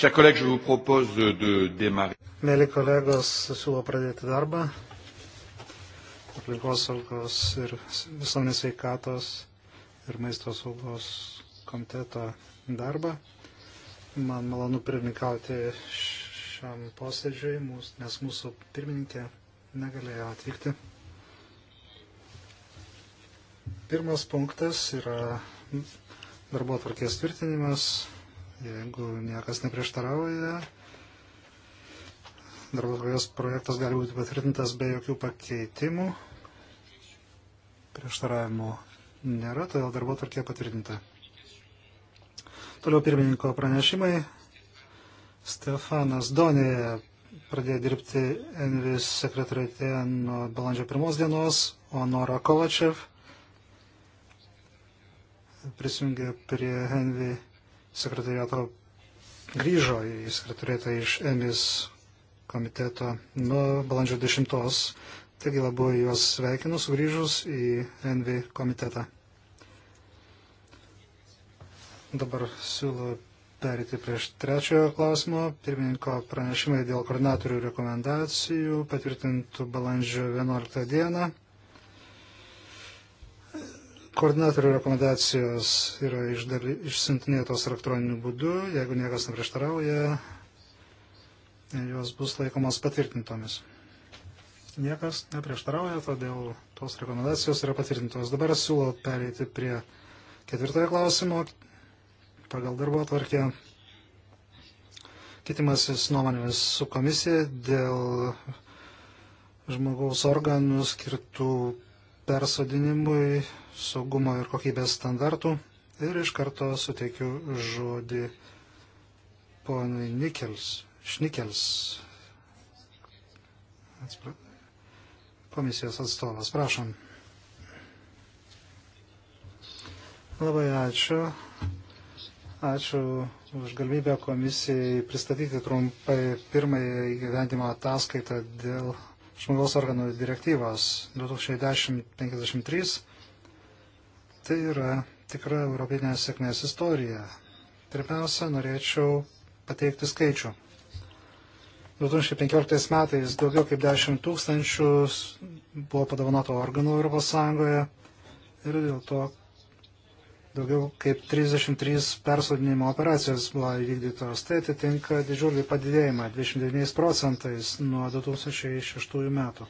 Chers collègues, je vous propose de démarrer. Mėly kolegos, siūlau pradėti darbą. Aplinkos saugos ir visuomenės sveikatos ir maisto saugos komiteto darbą. Man malonu pirmininkauti šiam posėdžiui, nes mūsų pirmininkė negalėjo atvykti. Pirmas punktas yra darbo atvarkės tvirtinimas. Jeigu niekas neprieštarauja, darbo tvarkos projektas gali būti patvirtintas be jokių pakeitimų. Prieštaravimų nėra, todėl darbo tvarkė patvirtinta. Toliau pirmininko pranešimai. Stefanas Donė pradėjo dirbti Envis sekretorite nuo balandžio pirmos dienos, o Nora Kovačev prisijungė prie Envi sekretariato grįžo į sekretariatą iš EMIS komiteto nuo balandžio 10. Taigi labai juos sveikinu sugrįžus į ENVI komitetą. Dabar siūlau perėti prieš trečiojo klausimo. Pirmininko pranešimai dėl koordinatorių rekomendacijų patvirtintų balandžio 11 dieną. Koordinatorių rekomendacijos yra išsintinėtos elektroniniu būdu, jeigu niekas neprieštarauja, jos bus laikomas patvirtintomis. Niekas neprieštarauja, todėl tos rekomendacijos yra patvirtintos. Dabar siūlau pereiti prie ketvirtojo klausimo pagal darbo atvarkę. Kitimasis nuomonėmis su komisija dėl žmogaus organų skirtų persodinimui, saugumo ir kokybės standartų. Ir iš karto suteikiu žodį ponui Nikels, Šnikels, Atspra... komisijos atstovas. Prašom. Labai ačiū. Ačiū už galimybę komisijai pristatyti trumpai pirmąją gyvendimo ataskaitą dėl žmogaus organų direktyvos 2010-53. Tai yra tikra europinė sėkmės istorija. Pirmiausia, norėčiau pateikti skaičių. 2015 metais daugiau kaip 10 tūkstančių buvo padovanoto organų Europos Sąjungoje ir dėl to Daugiau kaip 33 persodinimo operacijos buvo įvykdytos. Tai atitinka didžiulį padidėjimą 29 procentais nuo 2006 metų.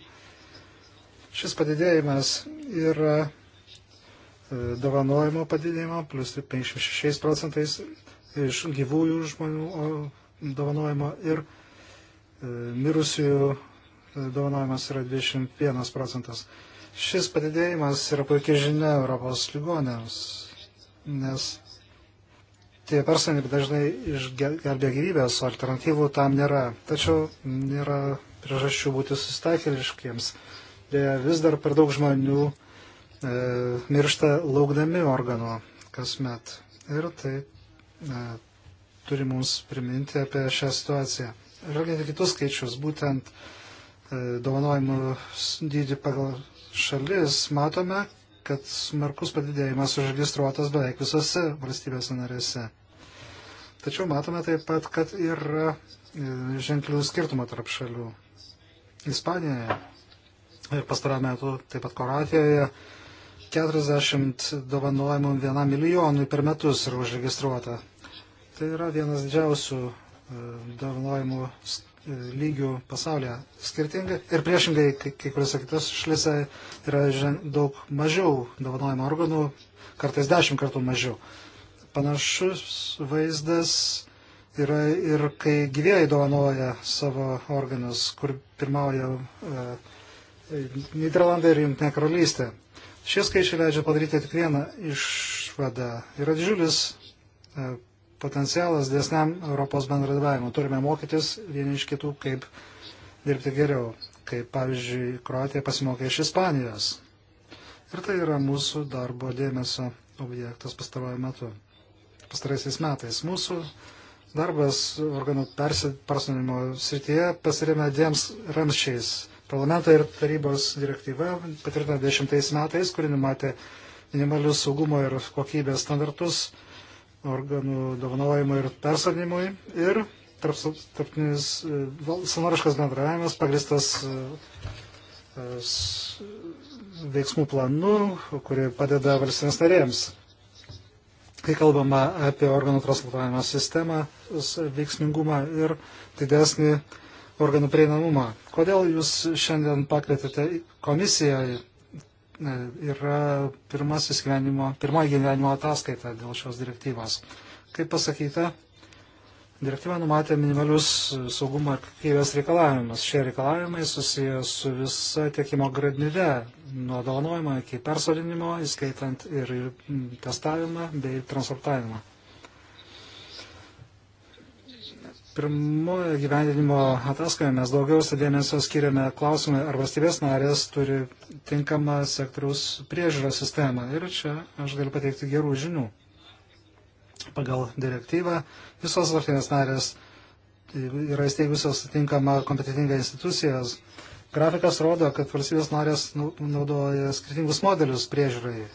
Šis padidėjimas yra e, dovanojimo padidėjimo plus 56 procentais iš gyvųjų žmonių dovanojimo ir e, mirusiųjų e, dovanojimas yra 21 procentas. Šis padidėjimas yra puikiai žinia Europos ligonėms nes tie personai dažnai išgelbė gyvybės, o alternatyvų tam nėra. Tačiau nėra priežasčių būti susitaikėliškiems. Dėja, vis dar per daug žmonių e, miršta laukdami organo kasmet. Ir tai e, turi mums priminti apie šią situaciją. Žvelgiant į kitus skaičius, būtent e, dovanojimų dydį pagal šalis, matome, kad smarkus padidėjimas užregistruotas beveik visose valstybėse narėse. Tačiau matome taip pat, kad yra e, ženklių skirtumų tarp šalių. Ispanijoje ir pastarame metu taip pat Koratijoje 40 dovanojimų vienam milijonui per metus yra užregistruota. Tai yra vienas didžiausių e, dovanojimų skaičių lygių pasaulyje skirtingai ir priešingai, kai, kai kuriuose kitose šalise yra žen, daug mažiau dovanojimo organų, kartais dešimt kartų mažiau. Panašus vaizdas yra ir kai gyvėjai dovanoja savo organus, kur pirmauja e, Niderlandai ir Junktinė karalystė. Šie skaičiai leidžia padaryti tik vieną išvadą. Yra didžiulis e, potencialas desniam Europos bendradarbiavimui. Turime mokytis vieni iš kitų, kaip dirbti geriau, kaip pavyzdžiui Kroatija pasimokė iš Ispanijos. Ir tai yra mūsų darbo dėmesio objektas pastaruoju metu. Pastaraisiais metais mūsų darbas organų persiparsonimo srityje pasirėmė dviems ramščiais. Parlamento ir tarybos direktyva patvirtina 10 metais, kuri numatė minimalius saugumo ir kokybės standartus organų dovanojimui ir persodinimui ir tarptautinis e, savanoriškas bendravimas pagristas e, e, veiksmų planu, kuri padeda valstybės narėms. Kai kalbama apie organų transplantavimo sistemą, veiksmingumą ir didesnį organų prieinamumą. Kodėl jūs šiandien pakvietėte komisiją E, yra pirmasis gyvenimo, pirmoji gyvenimo ataskaita dėl šios direktyvos. Kaip pasakyta, direktyva numatė minimalius saugumo ir kokybės reikalavimus. Šie reikalavimai susiję su visa tiekimo grandinė, nuo dovanojimo iki persodinimo, įskaitant ir testavimą bei transportavimą. Pirmojo gyvendinimo ataskoje mes daugiausia dėmesio skiriame klausimui, ar valstybės narės turi tinkamą sektoriaus priežiūros sistemą. Ir čia aš galiu pateikti gerų žinių. Pagal direktyvą visos valstybės narės yra įsteigusios tinkamą kompetitingą instituciją. Grafikas rodo, kad valstybės narės naudoja skirtingus modelius priežiūrai.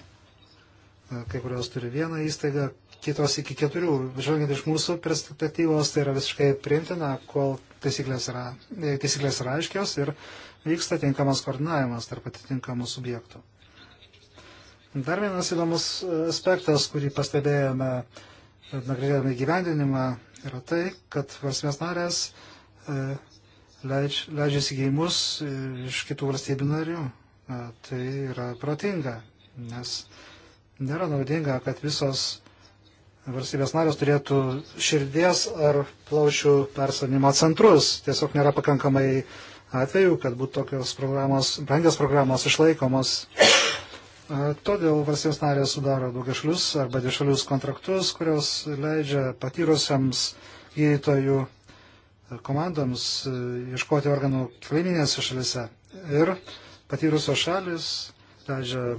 Kai kurios turi vieną įstaigą, kitos iki keturių. Žvelgiant iš mūsų perspektyvos, tai yra visiškai priimtina, kol taisyklės yra, e, taisyklės yra aiškios ir vyksta tinkamas koordinavimas tarp atitinkamų subjektų. Dar vienas įdomus aspektas, kurį pastebėjome e, nagrinėdami gyvendinimą, yra tai, kad valstybės narės e, leidž, leidžiasi gėjimus iš kitų valstybių narių. Tai yra protinga, nes nėra naudinga, kad visos valstybės narės turėtų širdies ar plaučių persanimo centrus. Tiesiog nėra pakankamai atvejų, kad būtų tokios programos, brangios programos išlaikomos. Todėl valstybės narės sudaro daugiašalius arba dvišalius kontraktus, kurios leidžia patyrusiams gydytojų komandoms e, ieškoti organų klaiminėse šalise. Ir patyrusios šalis leidžia e,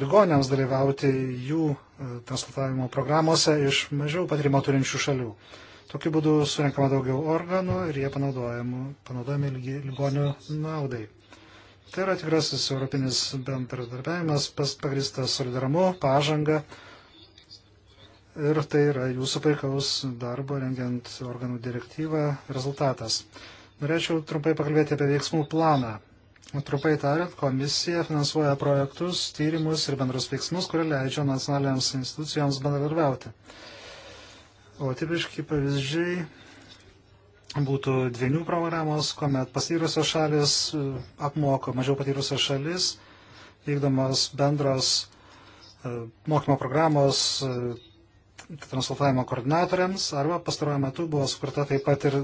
ligonėms dalyvauti jų e, transplantavimo programuose iš mažiau patirimo turinčių šalių. Tokiu būdu surinkama daugiau organų ir jie panaudojami ligonių naudai. Tai yra tikrasis europinis bendradarbiavimas, pagristas solidarumu, pažanga. Ir tai yra jūsų paikaus darbo rengiant organų direktyvą rezultatas. Norėčiau trumpai pakalbėti apie veiksmų planą. Trumpai tariant, komisija finansuoja projektus, tyrimus ir bendrus veiksmus, kurie leidžia nacionaliniams institucijoms bendradarbiauti. O tipiški pavyzdžiai būtų dviejų programos, kuomet pastyrusios šalis e, apmoko mažiau patyrusios šalis, vykdomos bendros e, mokymo programos e, transportavimo koordinatoriams, arba pastaruoju metu buvo sukurta taip pat ir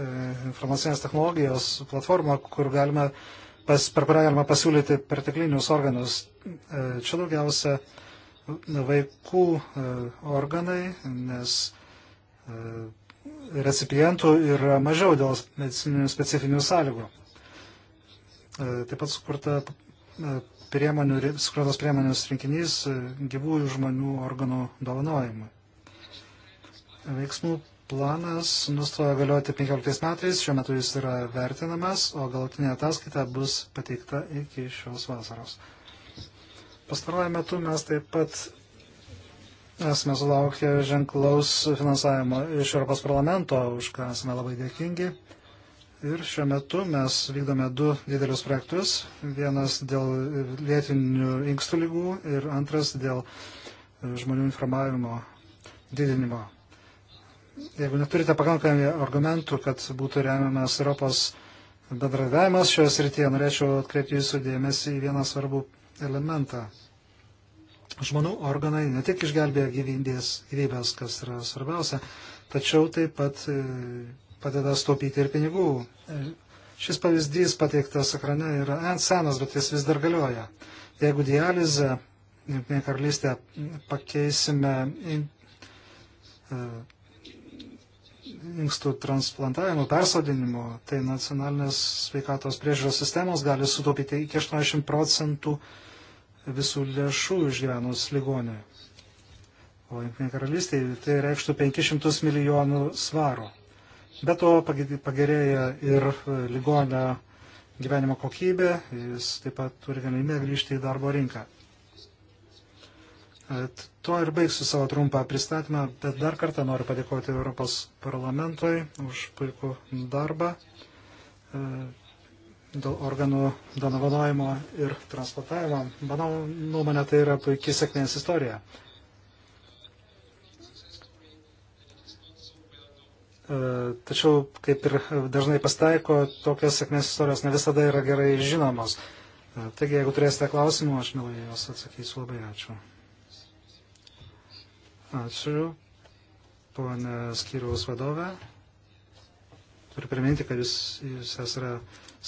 informacinės technologijos platforma, kur galima pas, per kurią galima pasiūlyti perteklinius organus. E, čia daugiausia vaikų e, organai, nes e, recipientų yra mažiau dėl medicininių specifinių sąlygų. Taip pat sukurta priemonių, sukurtas priemonės rinkinys gyvųjų žmonių organų dovanojimui. Veiksmų planas nustojo galioti 15 metais, šiuo metu jis yra vertinamas, o galutinė ataskaita bus pateikta iki šios vasaros. Pastaruoju metu mes taip pat esame sulaukę ženklaus finansavimo iš Europos parlamento, už ką esame labai dėkingi. Ir šiuo metu mes vykdome du didelius projektus. Vienas dėl lėtinių inkstų lygų ir antras dėl žmonių informavimo didinimo jeigu neturite pakankamai argumentų, kad būtų remiamas Europos bendradavimas šioje srityje, norėčiau atkreipti jūsų dėmesį į vieną svarbų elementą. Žmonių organai ne tik išgelbėja gyvybės, gyvybės kas yra svarbiausia, tačiau taip pat e, padeda staupyti ir pinigų. E, šis pavyzdys pateiktas ekrane yra senas, bet jis vis dar galioja. Jeigu dializę, jungtinė karalystė, pakeisime e, inkstų transplantavimu, persodinimu, tai nacionalinės sveikatos priežiūros sistemos gali sutaupyti iki 80 procentų visų lėšų išgyvenus ligonį. O Junktinė karalystė tai reikštų 500 milijonų svarų. Be to pagerėja ir ligonio gyvenimo kokybė, jis taip pat turi galimybę grįžti į darbo rinką. Tuo ir baigsiu savo trumpą pristatymą, bet dar kartą noriu padėkoti Europos parlamentui už puikų darbą e, dėl organų donavimo ir transplantavimo. Manau, nuomonė tai yra puikiai sėkmės istorija. E, tačiau, kaip ir dažnai pastaiko, tokios sėkmės istorijos ne visada yra gerai žinomos. E, taigi, jeigu turėsite klausimų, aš mielai juos atsakysiu. Labai ačiū. Ačiū, ponė skyriaus vadovė. Turiu priminti, kad jūs, jūs esate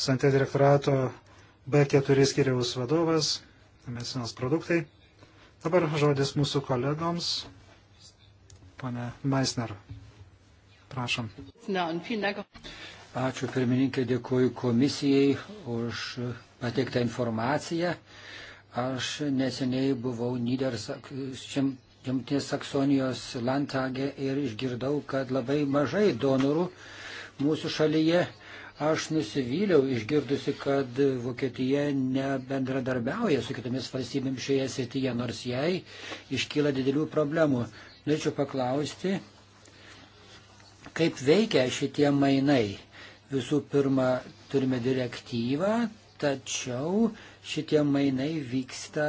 Santė direktorato B4 skyriaus vadovas, medicinos produktai. Dabar žodis mūsų kolegoms. Pone Meisner, prašom. Ačiū pirmininkė, dėkuoju komisijai už pateiktą informaciją. Aš neseniai buvau Nidersaksim Jungtinės Saksonijos Lantagė ir išgirdau, kad labai mažai donorų mūsų šalyje. Aš nusivyliau išgirdusi, kad Vokietija nebendradarbiauja su kitomis valstybėmis šioje srityje, nors jai iškyla didelių problemų. Norėčiau paklausti, kaip veikia šitie mainai. Visų pirma, turime direktyvą, tačiau šitie mainai vyksta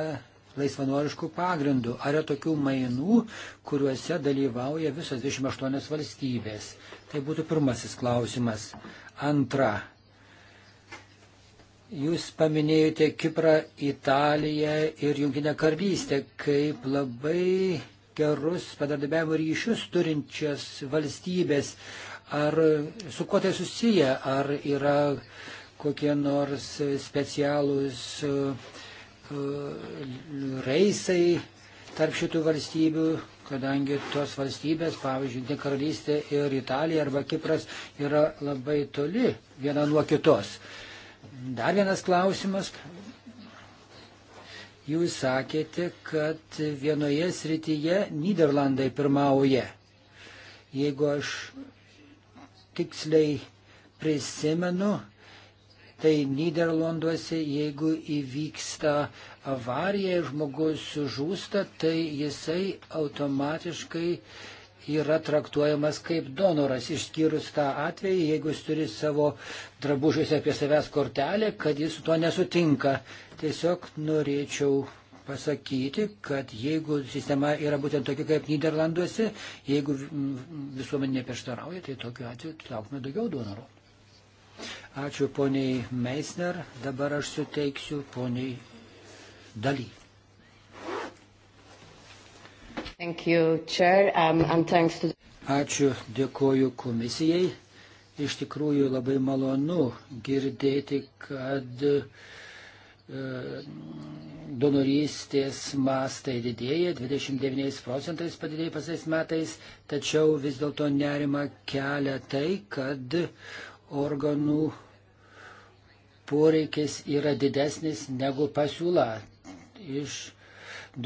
laisvanoriškų pagrindų. Ar yra tokių mainų, kuriuose dalyvauja visos 28 valstybės? Tai būtų pirmasis klausimas. Antra. Jūs paminėjote Kiprą, Italiją ir Junkinę karalystę kaip labai gerus padardabiavimo ryšius turinčias valstybės. Ar su kuo tai susiję? Ar yra kokie nors specialūs uh, E, reisai tarp šitų valstybių, kadangi tos valstybės, pavyzdžiui, Jungtinė karalystė ir Italija arba Kipras yra labai toli viena nuo kitos. Dar vienas klausimas. Jūs sakėte, kad vienoje srityje Niderlandai pirmauja. Jeigu aš tiksliai prisimenu, tai Niderlanduose, jeigu įvyksta avarija ir žmogus žūsta, tai jisai automatiškai yra traktuojamas kaip donoras, išskyrus tą atvejį, jeigu jis turi savo drabužiuose apie savęs kortelę, kad jis su tuo nesutinka. Tiesiog norėčiau pasakyti, kad jeigu sistema yra būtent tokia kaip Niderlanduose, jeigu visuomenė prieštarauja, tai tokiu atveju laukime daugiau donorų. Ačiū poniai Meisner, dabar aš suteiksiu poniai Daly. Thank you, Chair, um, and thanks to... Ačiū, dėkoju komisijai. Iš tikrųjų labai malonu girdėti, kad e, donorystės mastai didėja, 29 procentais padidėjo pasiais metais, tačiau vis dėlto nerima kelia tai, kad organų poreikis yra didesnis negu pasiūla. Iš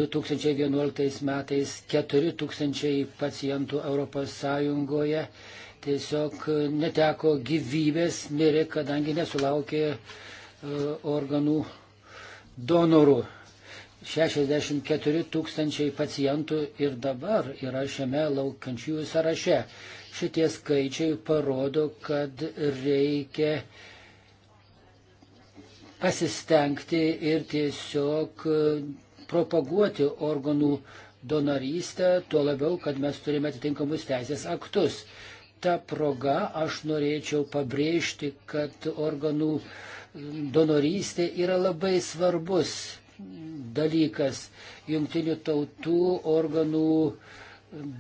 2011 metais 4000 pacientų ES tiesiog neteko gyvybės, mirė, kadangi nesulaukė e, organų donorų. 64 tūkstančiai pacientų ir dabar yra šiame laukiančiųjų sąraše. Šitie skaičiai parodo, kad reikia pasistengti ir tiesiog e, propaguoti organų donorystę, tuo labiau, kad mes turime atitinkamus teisės aktus. Ta proga aš norėčiau pabrėžti, kad organų donorystė yra labai svarbus dalykas. Jungtinių tautų organų uh,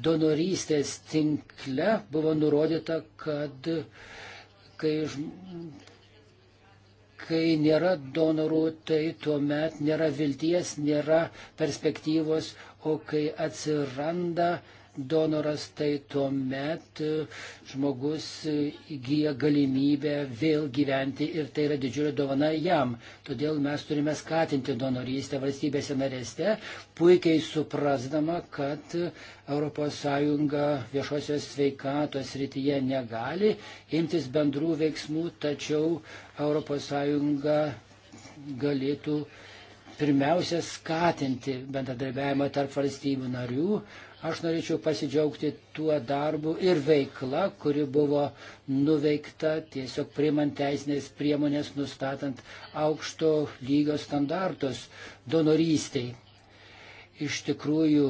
donorystės tinkle buvo nurodyta, kad kai, kai nėra donorų, tai tuomet nėra vilties, nėra perspektyvos, o kai atsiranda uh, donoras, tai tuomet e, žmogus įgyja galimybę vėl gyventi ir tai yra didžiulė dovana jam. Todėl mes turime skatinti donorystę valstybėse narėse, puikiai suprasdama, kad ES viešosios sveikatos rytyje negali imtis bendrų veiksmų, tačiau ES galėtų pirmiausia skatinti bendradarbiavimą tarp valstybių narių. Aš norėčiau pasidžiaugti tuo darbu ir veikla, kuri buvo nuveikta tiesiog priimant teisinės priemonės, nustatant aukšto lygio standartus donorystiai. Iš tikrųjų,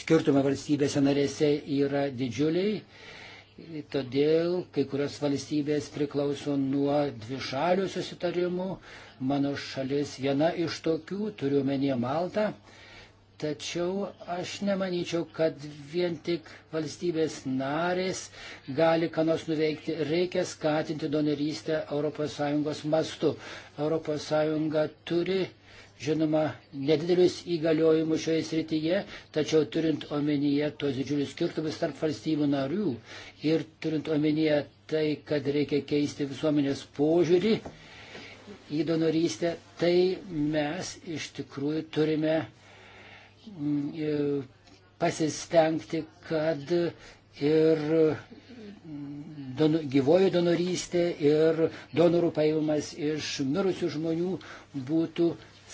skirtumai valstybėse narėse yra didžiuliai. Todėl kai kurios valstybės priklauso nuo dvišalių susitarimų, mano šalis viena iš tokių, turiu menyje Maltą. Tačiau aš nemanyčiau, kad vien tik valstybės narės gali ką nors nuveikti. Reikia skatinti donorystę ES mastu. ES turi, žinoma, nedidelius įgaliojimus šioje srityje, tačiau turint omenyje tos didžiulius skirtumus tarp valstybių narių ir turint omenyje tai, kad reikia keisti visuomenės požiūrį į donorystę, tai mes iš tikrųjų turime mm, e, pasistengti, kad ir mm, don, gyvoji donorystė ir donorų paimamas iš mirusių žmonių būtų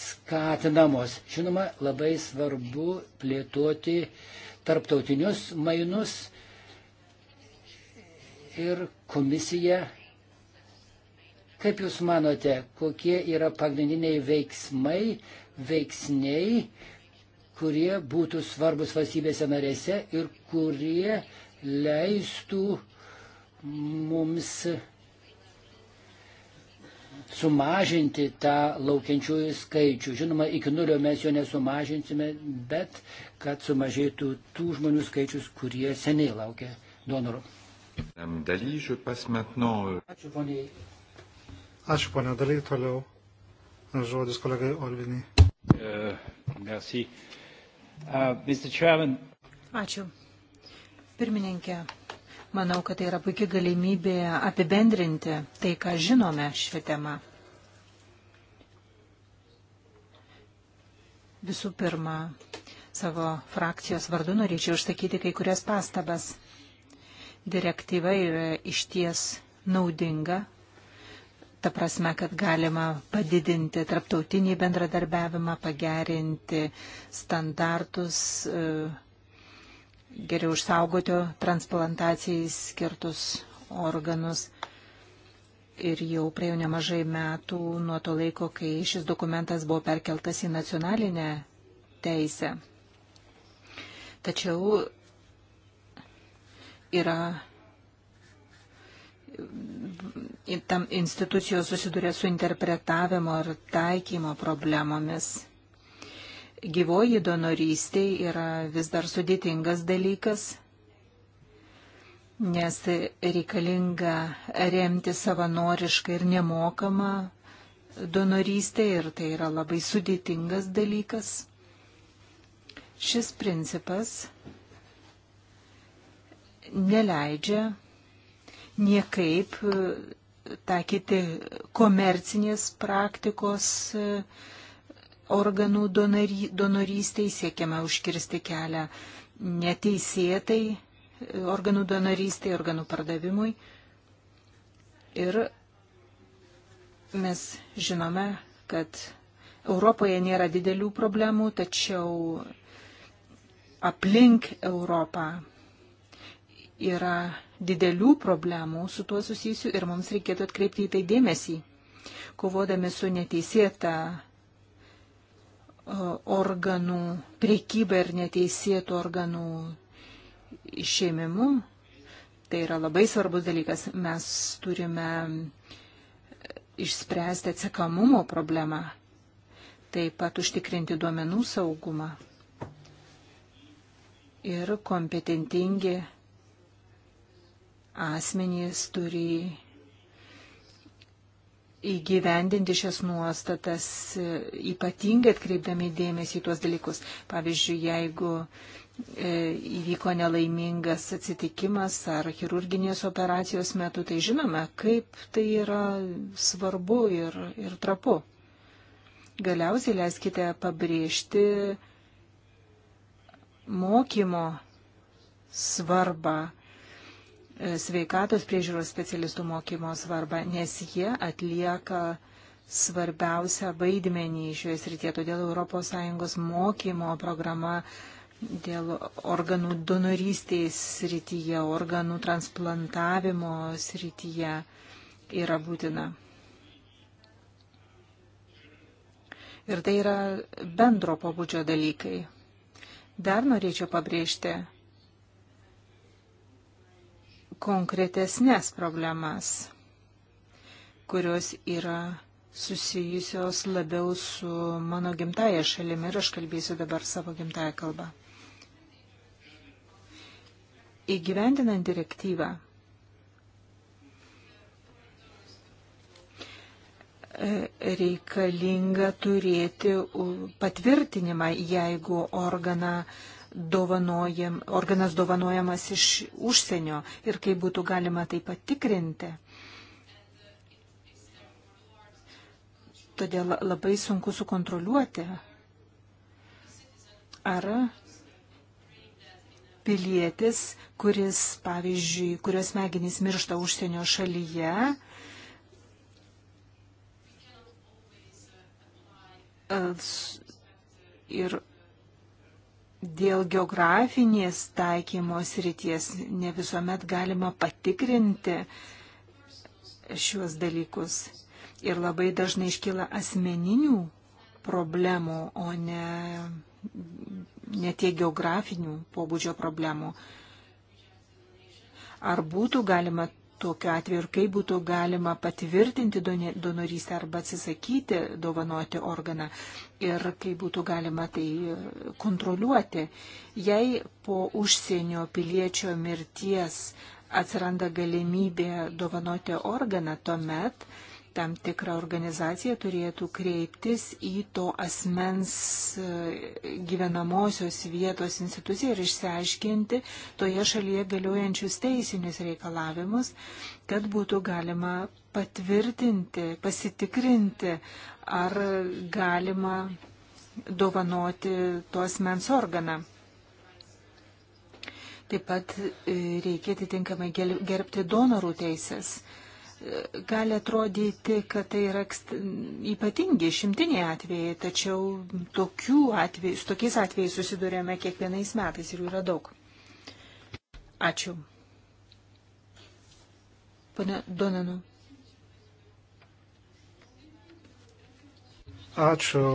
skatinamos. Žinoma, labai svarbu plėtoti tarptautinius mainus ir komisija Kaip Jūs manote, kokie yra pagrindiniai veiksmai, veiksniai, kurie būtų svarbus valstybėse narėse ir kurie leistų mums sumažinti tą laukiančiųjų skaičių. Žinoma, iki nulio mes jo nesumažinsime, bet kad sumažėtų tų žmonių skaičius, kurie seniai laukia donorų. Euh, Ačiū poniai Ačiū, ponė Daly, toliau žodis kolegai Olviniai. E, Ačiū. Pirmininkė, manau, kad tai yra puikia galimybė apibendrinti tai, ką žinome šią temą. Visų pirma, savo frakcijos vardu norėčiau išsakyti kai kurias pastabas. Direktyva yra išties naudinga ta prasme, kad galima padidinti tarptautinį bendradarbiavimą, pagerinti standartus, e, geriau išsaugoti transplantacijai skirtus organus. Ir jau praėjo nemažai metų nuo to laiko, kai šis dokumentas buvo perkeltas į nacionalinę teisę. Tačiau yra tam institucijos susiduria su interpretavimo ir taikymo problemomis. Gyvoji donorystė yra vis dar sudėtingas dalykas, nes reikalinga remti savanorišką ir nemokamą donorystę ir tai yra labai sudėtingas dalykas. Šis principas neleidžia niekaip e, taikyti komercinės praktikos e, organų donary, donorystai, siekiama užkirsti kelią neteisėtai e, organų donorystai, organų pardavimui. Ir mes žinome, kad Europoje nėra didelių problemų, tačiau aplink Europą yra didelių problemų su tuo susijusių ir mums reikėtų atkreipti į tai dėmesį. Kovodami su neteisėta organų priekyba ir neteisėtų organų išėmimu, tai yra labai svarbus dalykas. Mes turime išspręsti atsekamumo problemą, taip pat užtikrinti duomenų saugumą. Ir kompetentingi asmenys turi įgyvendinti šias nuostatas, e, ypatingai atkreipdami dėmesį į tuos dalykus. Pavyzdžiui, jeigu e, įvyko nelaimingas atsitikimas ar chirurginės operacijos metu, tai žinome, kaip tai yra svarbu ir, ir trapu. Galiausiai leiskite pabrėžti mokymo svarbą E, sveikatos priežiūros specialistų mokymo svarbą, nes jie atlieka svarbiausią vaidmenį šioje srityje. Todėl ES mokymo programa dėl organų donorystės srityje, organų transplantavimo srityje yra būtina. Ir tai yra bendro pobūdžio dalykai. Dar norėčiau pabrėžti, konkretesnės problemas, kurios yra susijusios labiau su mano gimtaja šalimi ir aš kalbėsiu dabar savo gimtają kalbą. Įgyvendinant direktyvą, e, reikalinga turėti patvirtinimą, jeigu organą uh, dovanojam, organas dovanojamas iš užsienio ir kaip būtų galima tai patikrinti. Todėl labai sunku sukontroliuoti, ar pilietis, kuris, pavyzdžiui, kurios smegenys miršta užsienio šalyje, e, ir Dėl geografinės taikymos ryties ne visuomet galima patikrinti šiuos dalykus. Ir labai dažnai iškyla asmeninių problemų, o ne, ne tie geografinių pobūdžio problemų. Ar būtų galima tokiu atveju ir kaip būtų galima patvirtinti donorystę arba atsisakyti dovanoti organą ir kaip būtų galima tai kontroliuoti. Jei po užsienio piliečio mirties atsiranda galimybė dovanoti organą, tuomet tam tikra organizacija turėtų kreiptis į to asmens e, gyvenamosios vietos instituciją ir išsiaiškinti toje šalyje galiojančius teisinius reikalavimus, kad būtų galima patvirtinti, pasitikrinti, ar galima dovanoti to asmens organą. Taip pat e, reikia atitinkamai gerbti donorų teisės gali atrodyti, kad tai yra ypatingi šimtiniai atvejai, tačiau atvejai, su tokiais atvejais susidurėme kiekvienais metais ir jų yra daug. Ačiū. Pane Donanu. Ačiū,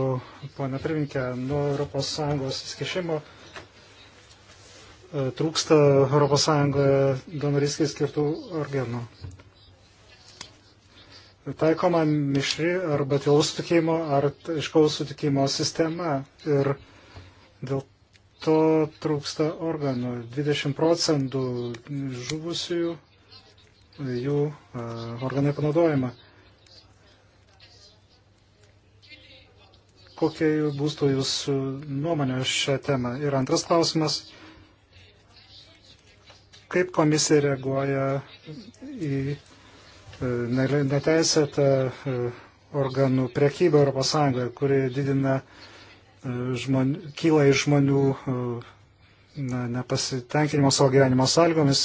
pone pirminkė, nuo ES įskešimo e, trūksta ES donoryskai skirtų organų taikoma mišri arba tylaus sutikimo ar iškaus sutikimo sistema ir dėl to trūksta organų. 20 procentų žuvusiųjų jų e, organai panaudojama. Kokia būtų jūsų nuomonė šią temą? Ir antras klausimas kaip komisija reaguoja į neteisėtą e, organų priekybą ES, kuri didina e, žmonių, kyla iš žmonių e, na, nepasitenkinimo savo gyvenimo sąlygomis,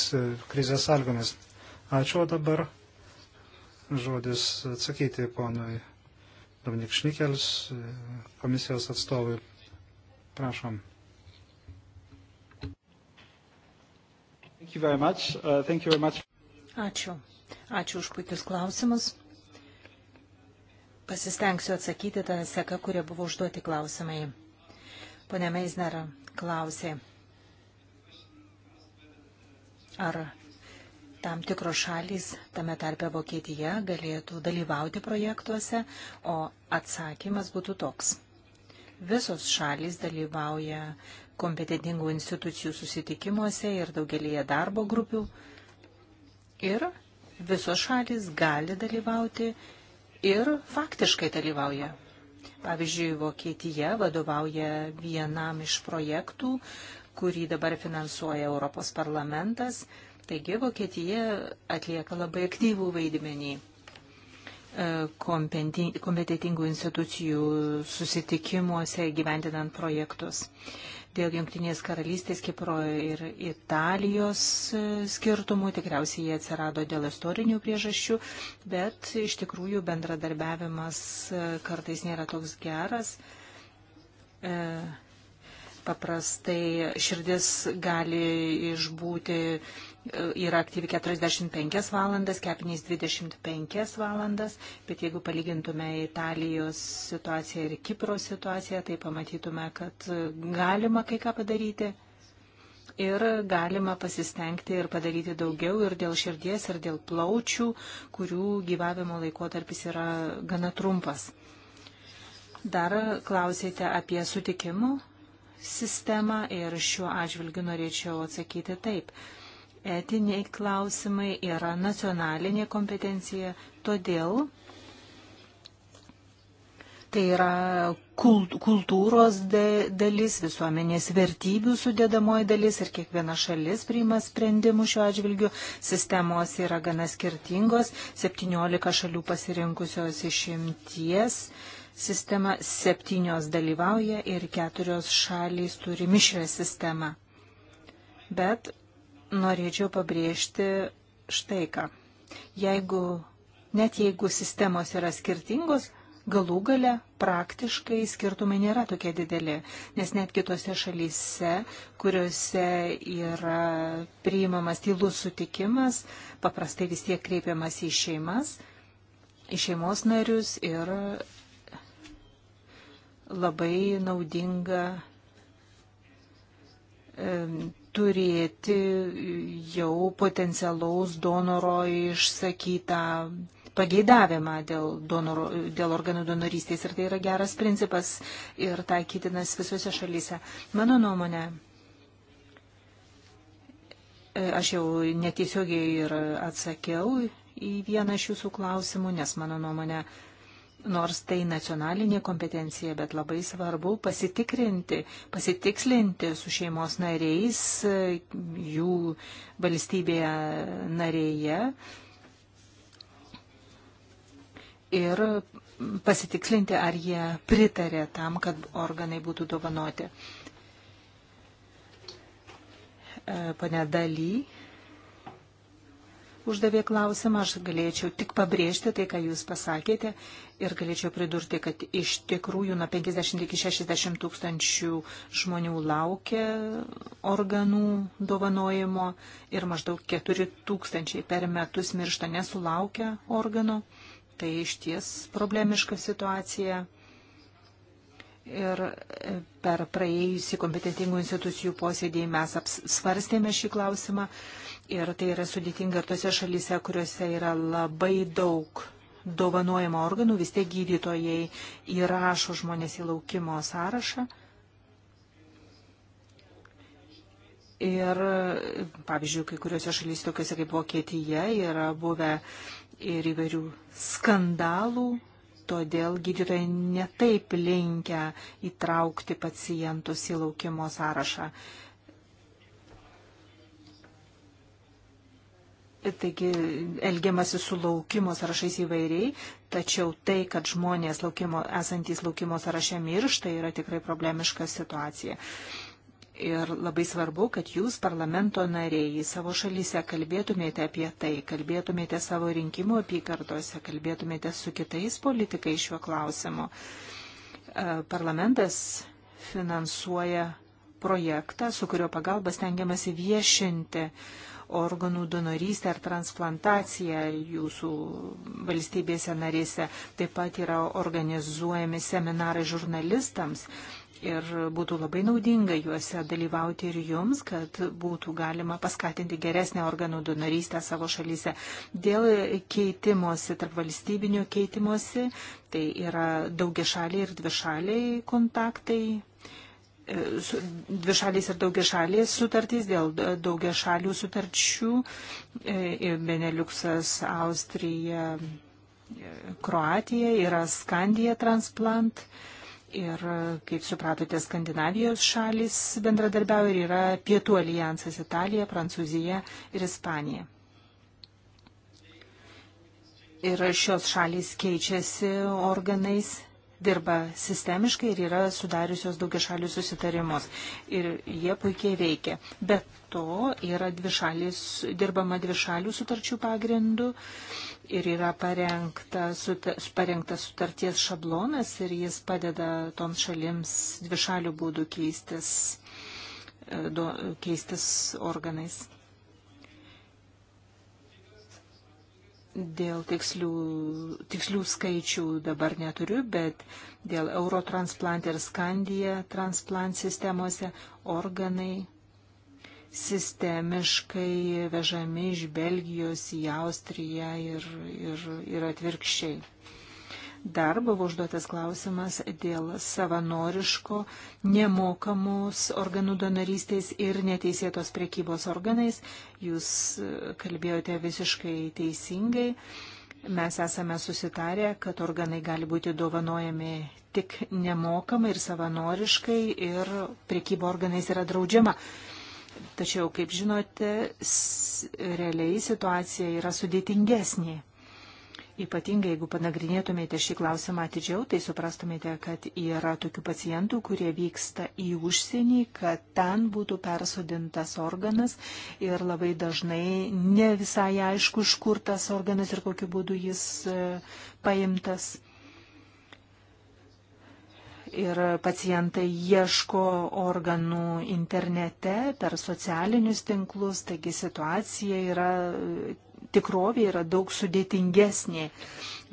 krizės sąlygomis. Ačiū dabar. Žodis atsakyti ponui Dominik Šnikels, komisijos atstovui. Prašom. Uh, Ačiū. Ačiū už puikius klausimus. Pasistengsiu atsakyti tą seką, kurie buvo užduoti klausimai. Pone Meisnera klausė, ar tam tikros šalys, tame tarpe Vokietija, galėtų dalyvauti projektuose, o atsakymas būtų toks. Visos šalys dalyvauja kompetentingų institucijų susitikimuose ir daugelįje darbo grupių ir visos šalis gali dalyvauti ir faktiškai dalyvauja. Pavyzdžiui, Vokietija vadovauja vienam iš projektų, kurį dabar finansuoja Europos parlamentas. Taigi Vokietija atlieka labai aktyvų vaidmenį e, kompetitingų institucijų susitikimuose gyventinant projektus dėl Junktinės karalystės, Kipro ir Italijos e, skirtumų. Tikriausiai jie atsirado dėl istorinių priežasčių, bet iš tikrųjų bendradarbiavimas e, kartais nėra toks geras. E, paprastai širdis gali išbūti yra aktyvi 45 valandas, kepinys 25 valandas, bet jeigu palygintume Italijos situaciją ir Kipro situaciją, tai pamatytume, kad galima kai ką padaryti ir galima pasistengti ir padaryti daugiau ir dėl širdies, ir dėl plaučių, kurių gyvavimo laikotarpis yra gana trumpas. Dar klausėte apie sutikimų sistemą ir šiuo atžvilgiu norėčiau atsakyti taip etiniai klausimai yra nacionalinė kompetencija, todėl tai yra kultūros dalis, visuomenės vertybių sudėdamoji dalis ir kiekviena šalis priima sprendimų šiuo atžvilgiu. Sistemos yra gana skirtingos, 17 šalių pasirinkusios išimties. Sistema septynios dalyvauja ir keturios šalys turi mišrę sistemą. Bet norėčiau pabrėžti štai ką. Jeigu, net jeigu sistemos yra skirtingos, galų gale praktiškai skirtumai nėra tokie dideli, nes net kitose šalyse, kuriuose yra priimamas tylus sutikimas, paprastai vis tiek kreipiamas į šeimas, į šeimos narius ir labai naudinga turėti jau potencialaus donoro išsakytą pageidavimą dėl, donoro, dėl organų donorystės. Ir tai yra geras principas ir taikytinas visose šalyse. Mano nuomonė, e, aš jau netiesiogiai ir atsakiau į vieną iš jūsų klausimų, nes mano nuomonė, nors tai nacionalinė kompetencija, bet labai svarbu pasitikrinti, pasitikslinti su šeimos nariais, jų valstybėje narėje ir pasitikslinti, ar jie pritarė tam, kad organai būtų dovanoti. E, pane Daly uždavė klausimą, aš galėčiau tik pabrėžti tai, ką jūs pasakėte ir galėčiau pridurti, kad iš tikrųjų nuo 50 iki 60 tūkstančių žmonių laukia organų dovanojimo ir maždaug 4 tūkstančiai per metus miršta nesulaukia organo. Tai iš ties problemiška situacija. Ir per praėjusį kompetitingų institucijų posėdį mes svarstėme šį klausimą Ir tai yra sudėtinga ir tose šalyse, kuriuose yra labai daug dovanojimo organų, vis tiek gydytojai įrašo žmonės į laukimo sąrašą. Ir, pavyzdžiui, kai kuriuose šalyse, tokiuose kaip Vokietija, yra buvę ir įvairių skandalų, todėl gydytojai netaip linkia įtraukti pacientus į laukimo sąrašą. Uh, Taigi elgiamasi su laukimo sąrašais įvairiai, tačiau tai, kad žmonės laukimo, esantys laukimo sąraše miršta, yra tikrai problemiška situacija. Ir labai svarbu, kad jūs, parlamento nariai, savo šalyse kalbėtumėte apie tai, kalbėtumėte savo rinkimų apykartose, kalbėtumėte su kitais politikais šiuo klausimu. E, parlamentas finansuoja projektą, su kurio pagalba stengiamasi viešinti uh, organų donorystę ar transplantaciją jūsų valstybėse narėse. Taip pat yra organizuojami seminarai žurnalistams. Ir būtų labai naudinga juose dalyvauti ir jums, kad būtų galima paskatinti geresnę organų donorystę savo šalyse. Dėl keitimosi, tarp valstybinio keitimosi, tai yra daugiašaliai ir dvišaliai kontaktai, E, dvišaliais ir daugiašaliais sutartys, dėl e, daugiašalių sutarčių, e, Beneliuksas, Austrija, Kroatija, yra Skandija transplant ir, kaip supratote, Skandinavijos šalis bendradarbiavo ir yra Pietų alijansas Italija, Prancūzija ir Ispanija. Ir šios šalys keičiasi organais dirba sistemiškai ir yra sudariusios daugiašalių susitarimus. Ir jie puikiai veikia. Be to yra dvišalis, dirbama dvišalių sutarčių pagrindų ir yra parengta, suta, parengtas sutarties šablonas ir jis padeda toms šalims dvišalių būdų keistis, e, do, keistis organais. Dėl tikslių, tikslių skaičių dabar neturiu, bet dėl eurotransplant ir skandija transplant sistemose organai sistemiškai vežami iš Belgijos į Austriją ir, ir, ir atvirkščiai. Dar buvo užduotas klausimas dėl savanoriško, nemokamos organų donorystės ir neteisėtos priekybos organais. Jūs e, kalbėjote visiškai teisingai. Mes esame susitarę, kad organai gali būti dovanojami tik nemokamai ir savanoriškai ir priekyba organais yra draudžiama. Tačiau, kaip žinote, realiai situacija yra sudėtingesnė. Ypatingai, jeigu panagrinėtumėte šį klausimą atidžiau, tai suprastumėte, kad yra tokių pacientų, kurie vyksta į užsienį, kad ten būtų persodintas organas ir labai dažnai ne visai aišku, iš kur tas organas ir kokiu būdu jis e, paimtas. Ir pacientai ieško organų internete per socialinius tinklus, taigi situacija yra tikrovė yra daug sudėtingesnė.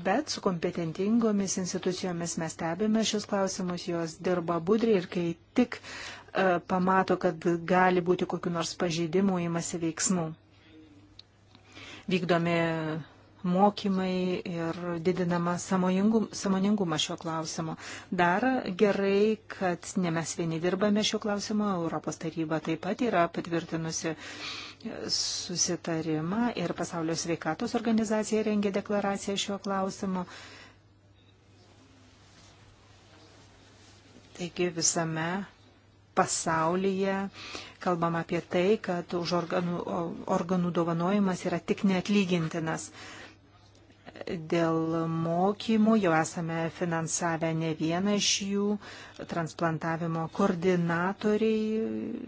Bet su kompetentingomis institucijomis mes stebime šios klausimus, jos dirba budriai ir kai tik e, pamato, kad gali būti kokiu nors pažeidimu, imasi veiksmų. Vykdomi mokymai ir didinama samoningumas šio klausimo. Dar gerai, kad ne mes vieni dirbame šio klausimo, Europos taryba taip pat yra patvirtinusi uh, susitarimą ir Pasaulio sveikatos organizacija rengė deklaraciją šiuo klausimu. Taigi visame pasaulyje kalbam apie tai, kad už organų, organų dovanojimas yra tik neatlygintinas. Dėl mokymų jau esame finansavę ne vieną iš jų, transplantavimo koordinatoriai,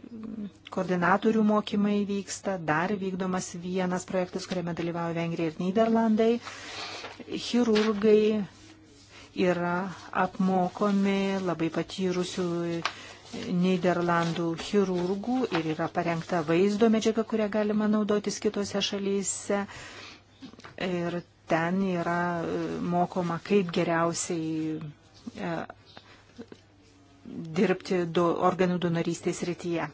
koordinatorių mokymai vyksta, dar vykdomas vienas projektas, kuriame dalyvauja Vengrija ir Niderlandai. Chirurgai yra apmokomi labai patyrusių Niderlandų chirurgų ir yra parengta vaizdo medžiaga, kurią galima naudotis kitose šalyse. Ir ten yra e, mokoma, kaip geriausiai e, dirbti do, organų donorystės rytyje.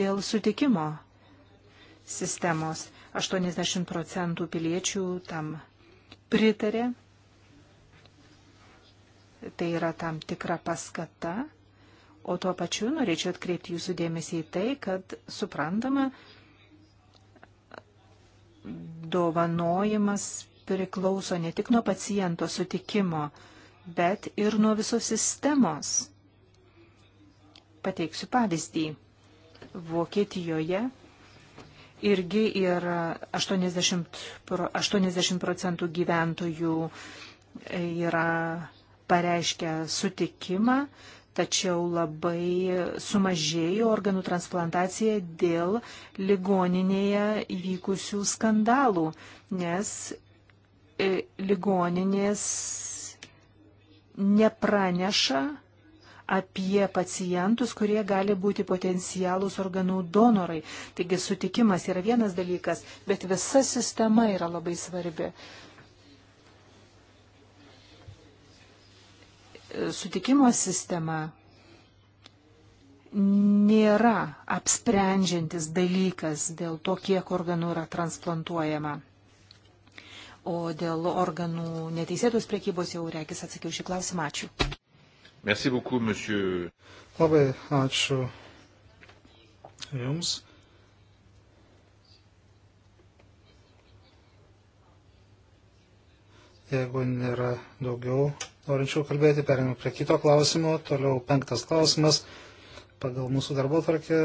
Dėl sutikimo sistemos 80 procentų piliečių tam pritarė. Tai yra tam tikra paskata. O tuo pačiu norėčiau atkreipti jūsų dėmesį į tai, kad suprantama, dovanojimas priklauso ne tik nuo paciento sutikimo, bet ir nuo visos sistemos. Pateiksiu pavyzdį. Vokietijoje irgi yra 80, 80 procentų gyventojų e, yra pareiškę sutikimą, tačiau labai sumažėjo organų transplantacija dėl ligoninėje įvykusių skandalų, nes E, ligoninės nepraneša apie pacientus, kurie gali būti potencialūs organų donorai. Taigi sutikimas yra vienas dalykas, bet visa sistema yra labai svarbi. Sutikimo sistema nėra apsprendžiantis dalykas dėl to, kiek organų yra transplantuojama. O dėl organų neteisėtos priekybos jau reikis atsakiau šį klausimą. Ačiū. Merci beaucoup, monsieur. Labai ačiū Jums. Jeigu nėra daugiau norinčių kalbėti, perėmėm prie kito klausimo. Toliau penktas klausimas pagal mūsų darbo tvarkę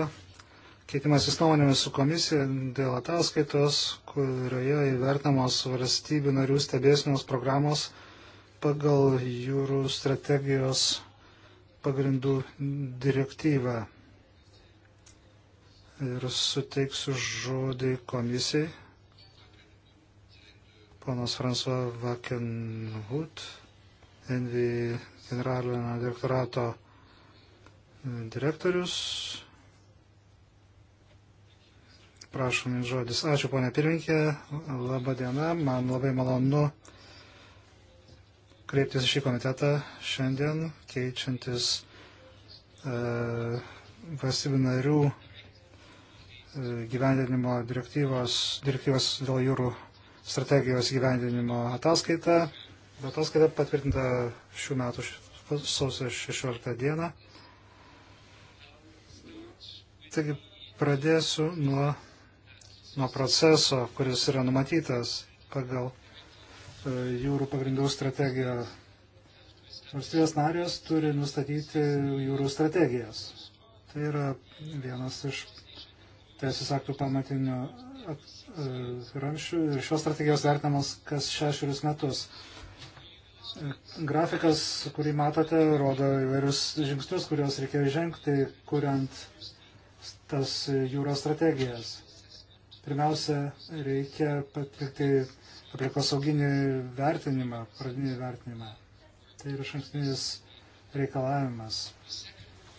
keitimasis nuomonėmis su komisija dėl ataskaitos, kurioje įvertinamos valstybių narių stebėsinos programos pagal jūrų strategijos pagrindų direktyvą. Ir suteiksiu žodį komisijai. Ponas François Vakenhut, NV generalinio direktorato e, direktorius prašom jums žodis. Ačiū, ponė pirminkė, laba diena, man labai malonu kreiptis į šį komitetą šiandien, keičiantis e, valstybių narių e, gyvendinimo direktyvos, direktyvos dėl jūrų strategijos gyvendinimo ataskaita. Ataskaita patvirtinta šių metų sausio 16 dieną. Taigi pradėsiu nuo nuo proceso, kuris yra numatytas pagal e, jūrų pagrindų strategiją. Valstybės narės turi nustatyti jūrų strategijas. Tai yra vienas iš teisės aktų pamatinių e, ramščių ir šios strategijos vertinamas kas šešerius metus. E, grafikas, kurį matote, rodo įvairius žingsnius, kuriuos reikėjo žengti, kuriant tas jūros strategijas. Pirmiausia, reikia patikti aplinkosauginį vertinimą, pradinį vertinimą. Tai yra šankstinis reikalavimas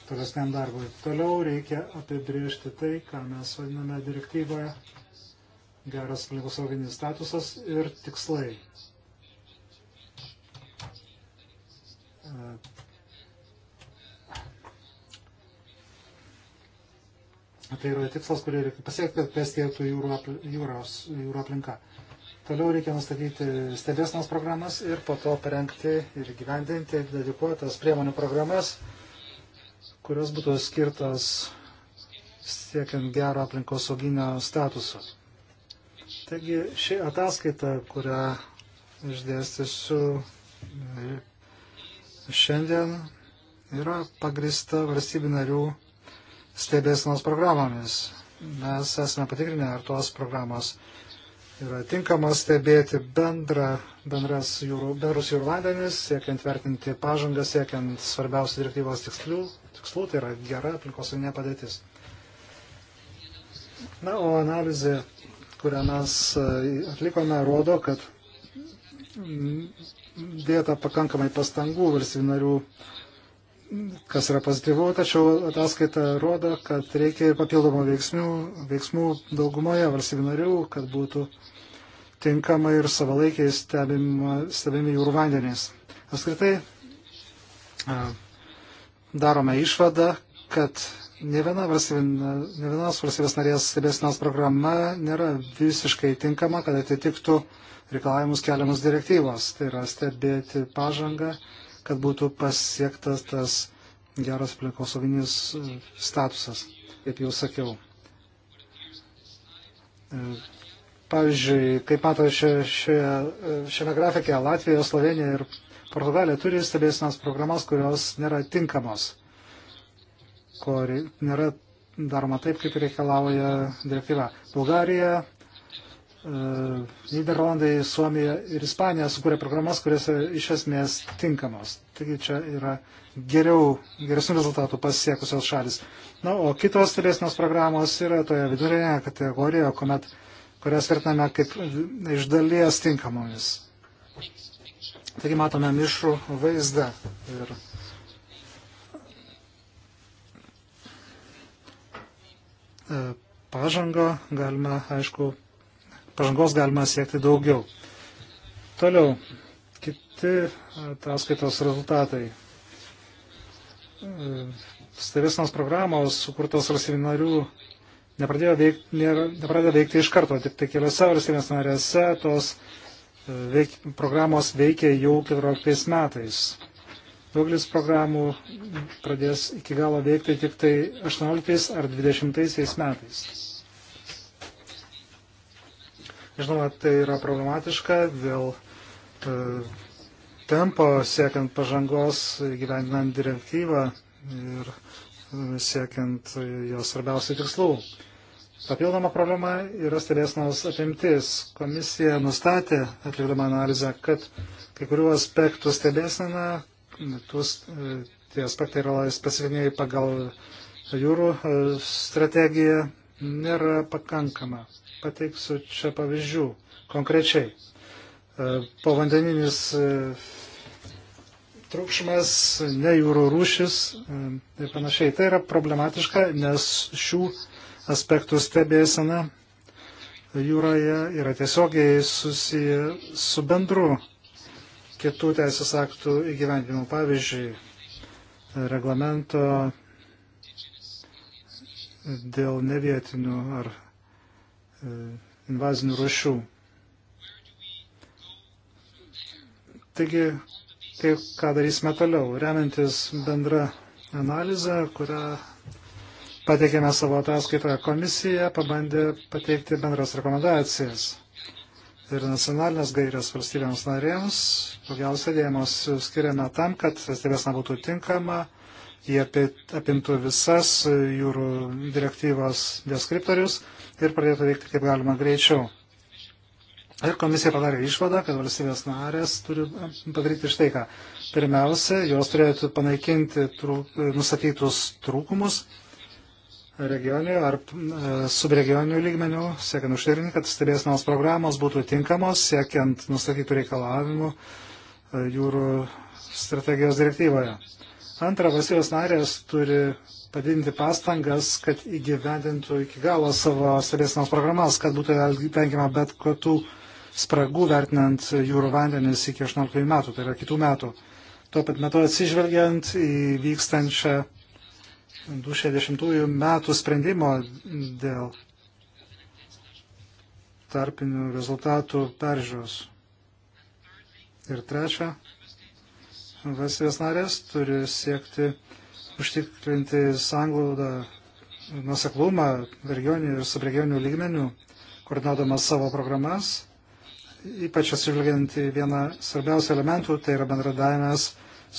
tolesniam darbui. Toliau reikia apibriežti tai, ką mes vadiname direktyvoje geras aplinkosauginis statusas ir tikslai. Tai yra tikslas, kurį reikia pasiekti, kad pėstėtų jūrų, jūros, jūrų aplinka. Toliau reikia nustatyti stebėsnos programas ir po to parengti ir gyvendinti dedikuotas priemonių programas, kurios būtų skirtas siekiant gero aplinkos sauginio statuso. Taigi ši ataskaita, kurią išdėstysiu e, šiandien, yra pagrista valstybių narių stebėsinos programomis. Mes esame patikrinę, ar tos programos yra tinkamas stebėti bendra, bendras jūrų, bendrus jūrų vandenis, siekiant vertinti pažangą, siekiant svarbiausių direktyvos tikslų, tikslų, tai yra gera aplinkosauginė padėtis. Na, o analizė, kurią mes e, atlikome, rodo, kad dėta pakankamai pastangų valstybių narių kas yra pozityvu, tačiau ataskaita rodo, kad reikia ir papildomų veiksmų, veiksmų daugumoje valstybių narių, kad būtų tinkamai ir savalaikiai stebimi, stebimi jūrų vandenys. Apskritai darome išvadą, kad ne, viena valstybė, ne vienos valstybės narės stebėsinos programa nėra visiškai tinkama, kad atitiktų reikalavimus keliamus direktyvos. Tai yra stebėti pažangą kad būtų pasiektas tas geras aplinkosauginis e, statusas, kaip jau sakiau. E, pavyzdžiui, kaip matote šioje, šiame grafikė, Latvija, Slovenija ir Portugalija turi stebėsinas programas, kurios nėra tinkamos, ko nėra daroma taip, kaip reikalauja direktyva. Bulgarija E, Niderlandai, Suomija ir Ispanija sukūrė programas, kurias iš esmės tinkamos. Taigi čia yra geriau, geresnių rezultatų pasiekusios šalis. Na, o kitos stebėsinos programos yra toje vidurinėje kategorijoje, kuomet, kurias vertiname kaip iš dalies tinkamomis. Taigi matome mišrų vaizdą. Ir e, pažango galima, aišku, pažangos galima siekti daugiau. Toliau, kiti ataskaitos rezultatai. Stebėsnos programos sukurtos valstybių narių nepradėjo veikti, nėra, nepradėjo veikti iš karto, tik tai keliose valstybės narėse tos e, veik, programos veikia jau 14 metais. Daugelis programų pradės iki galo veikti tik tai 18 ar 20 metais. Žinoma, tai yra problematiška dėl e, tempo siekiant pažangos, gyvendinant direktyvą ir e, siekiant jos svarbiausių tikslų. Papildoma problema yra stebėsnos apimtis. Komisija nustatė, atlikdama analizę, kad kai kurių aspektų stebėsena, tūs, e, tie aspektai yra specifiniai pagal jūrų strategiją, nėra pakankama pateiksiu čia pavyzdžių konkrečiai. E, povandeninis e, triukšmas, ne jūrų rūšis e, ir panašiai. Tai yra problematiška, nes šių aspektų stebėsena jūroje yra tiesiogiai susiję su bendru kitų teisės aktų įgyvendinimu. Pavyzdžiui, reglamento dėl nevietinių ar E, invazinių rušių. Taigi, tai ką darysime toliau, remiantis bendrą analizę, kurią pateikėme savo ataskaitoje komisija, pabandė pateikti bendras rekomendacijas ir nacionalinės gairės valstybėms narėms. Daugiausia dėmesio skiriame tam, kad valstybės nebūtų tinkama jie apimtų visas jūrų direktyvos deskriptorius ir pradėtų veikti kaip galima greičiau. Ir komisija padarė išvadą, kad valstybės narės turi padaryti štai ką. Pirmiausia, jos turėtų panaikinti trūk, nustatytus trūkumus regionių ar e, subregioninių lygmenių, siekiant užtikrinti, kad stebėsinos programos būtų tinkamos, siekiant nustatytų reikalavimų e, jūrų strategijos direktyvoje. Antra, valstybės narės turi padidinti pastangas, kad įgyvendintų iki galo savo stebėsinos programas, kad būtų vengiama bet kokių spragų vertinant jūrų vandenis iki 18 metų, tai yra kitų metų. Tuo pat metu atsižvelgiant į vykstančią 2010 metų sprendimo dėl tarpinių rezultatų peržiūros. Ir trečia, valstybės narės turi siekti užtikrinti sanglaudą, nuseklumą regioninių ir subregioninių lygmenių, koordinuodamas savo programas, ypač atsižvelgiant į vieną svarbiausių elementų, tai yra bendradavimas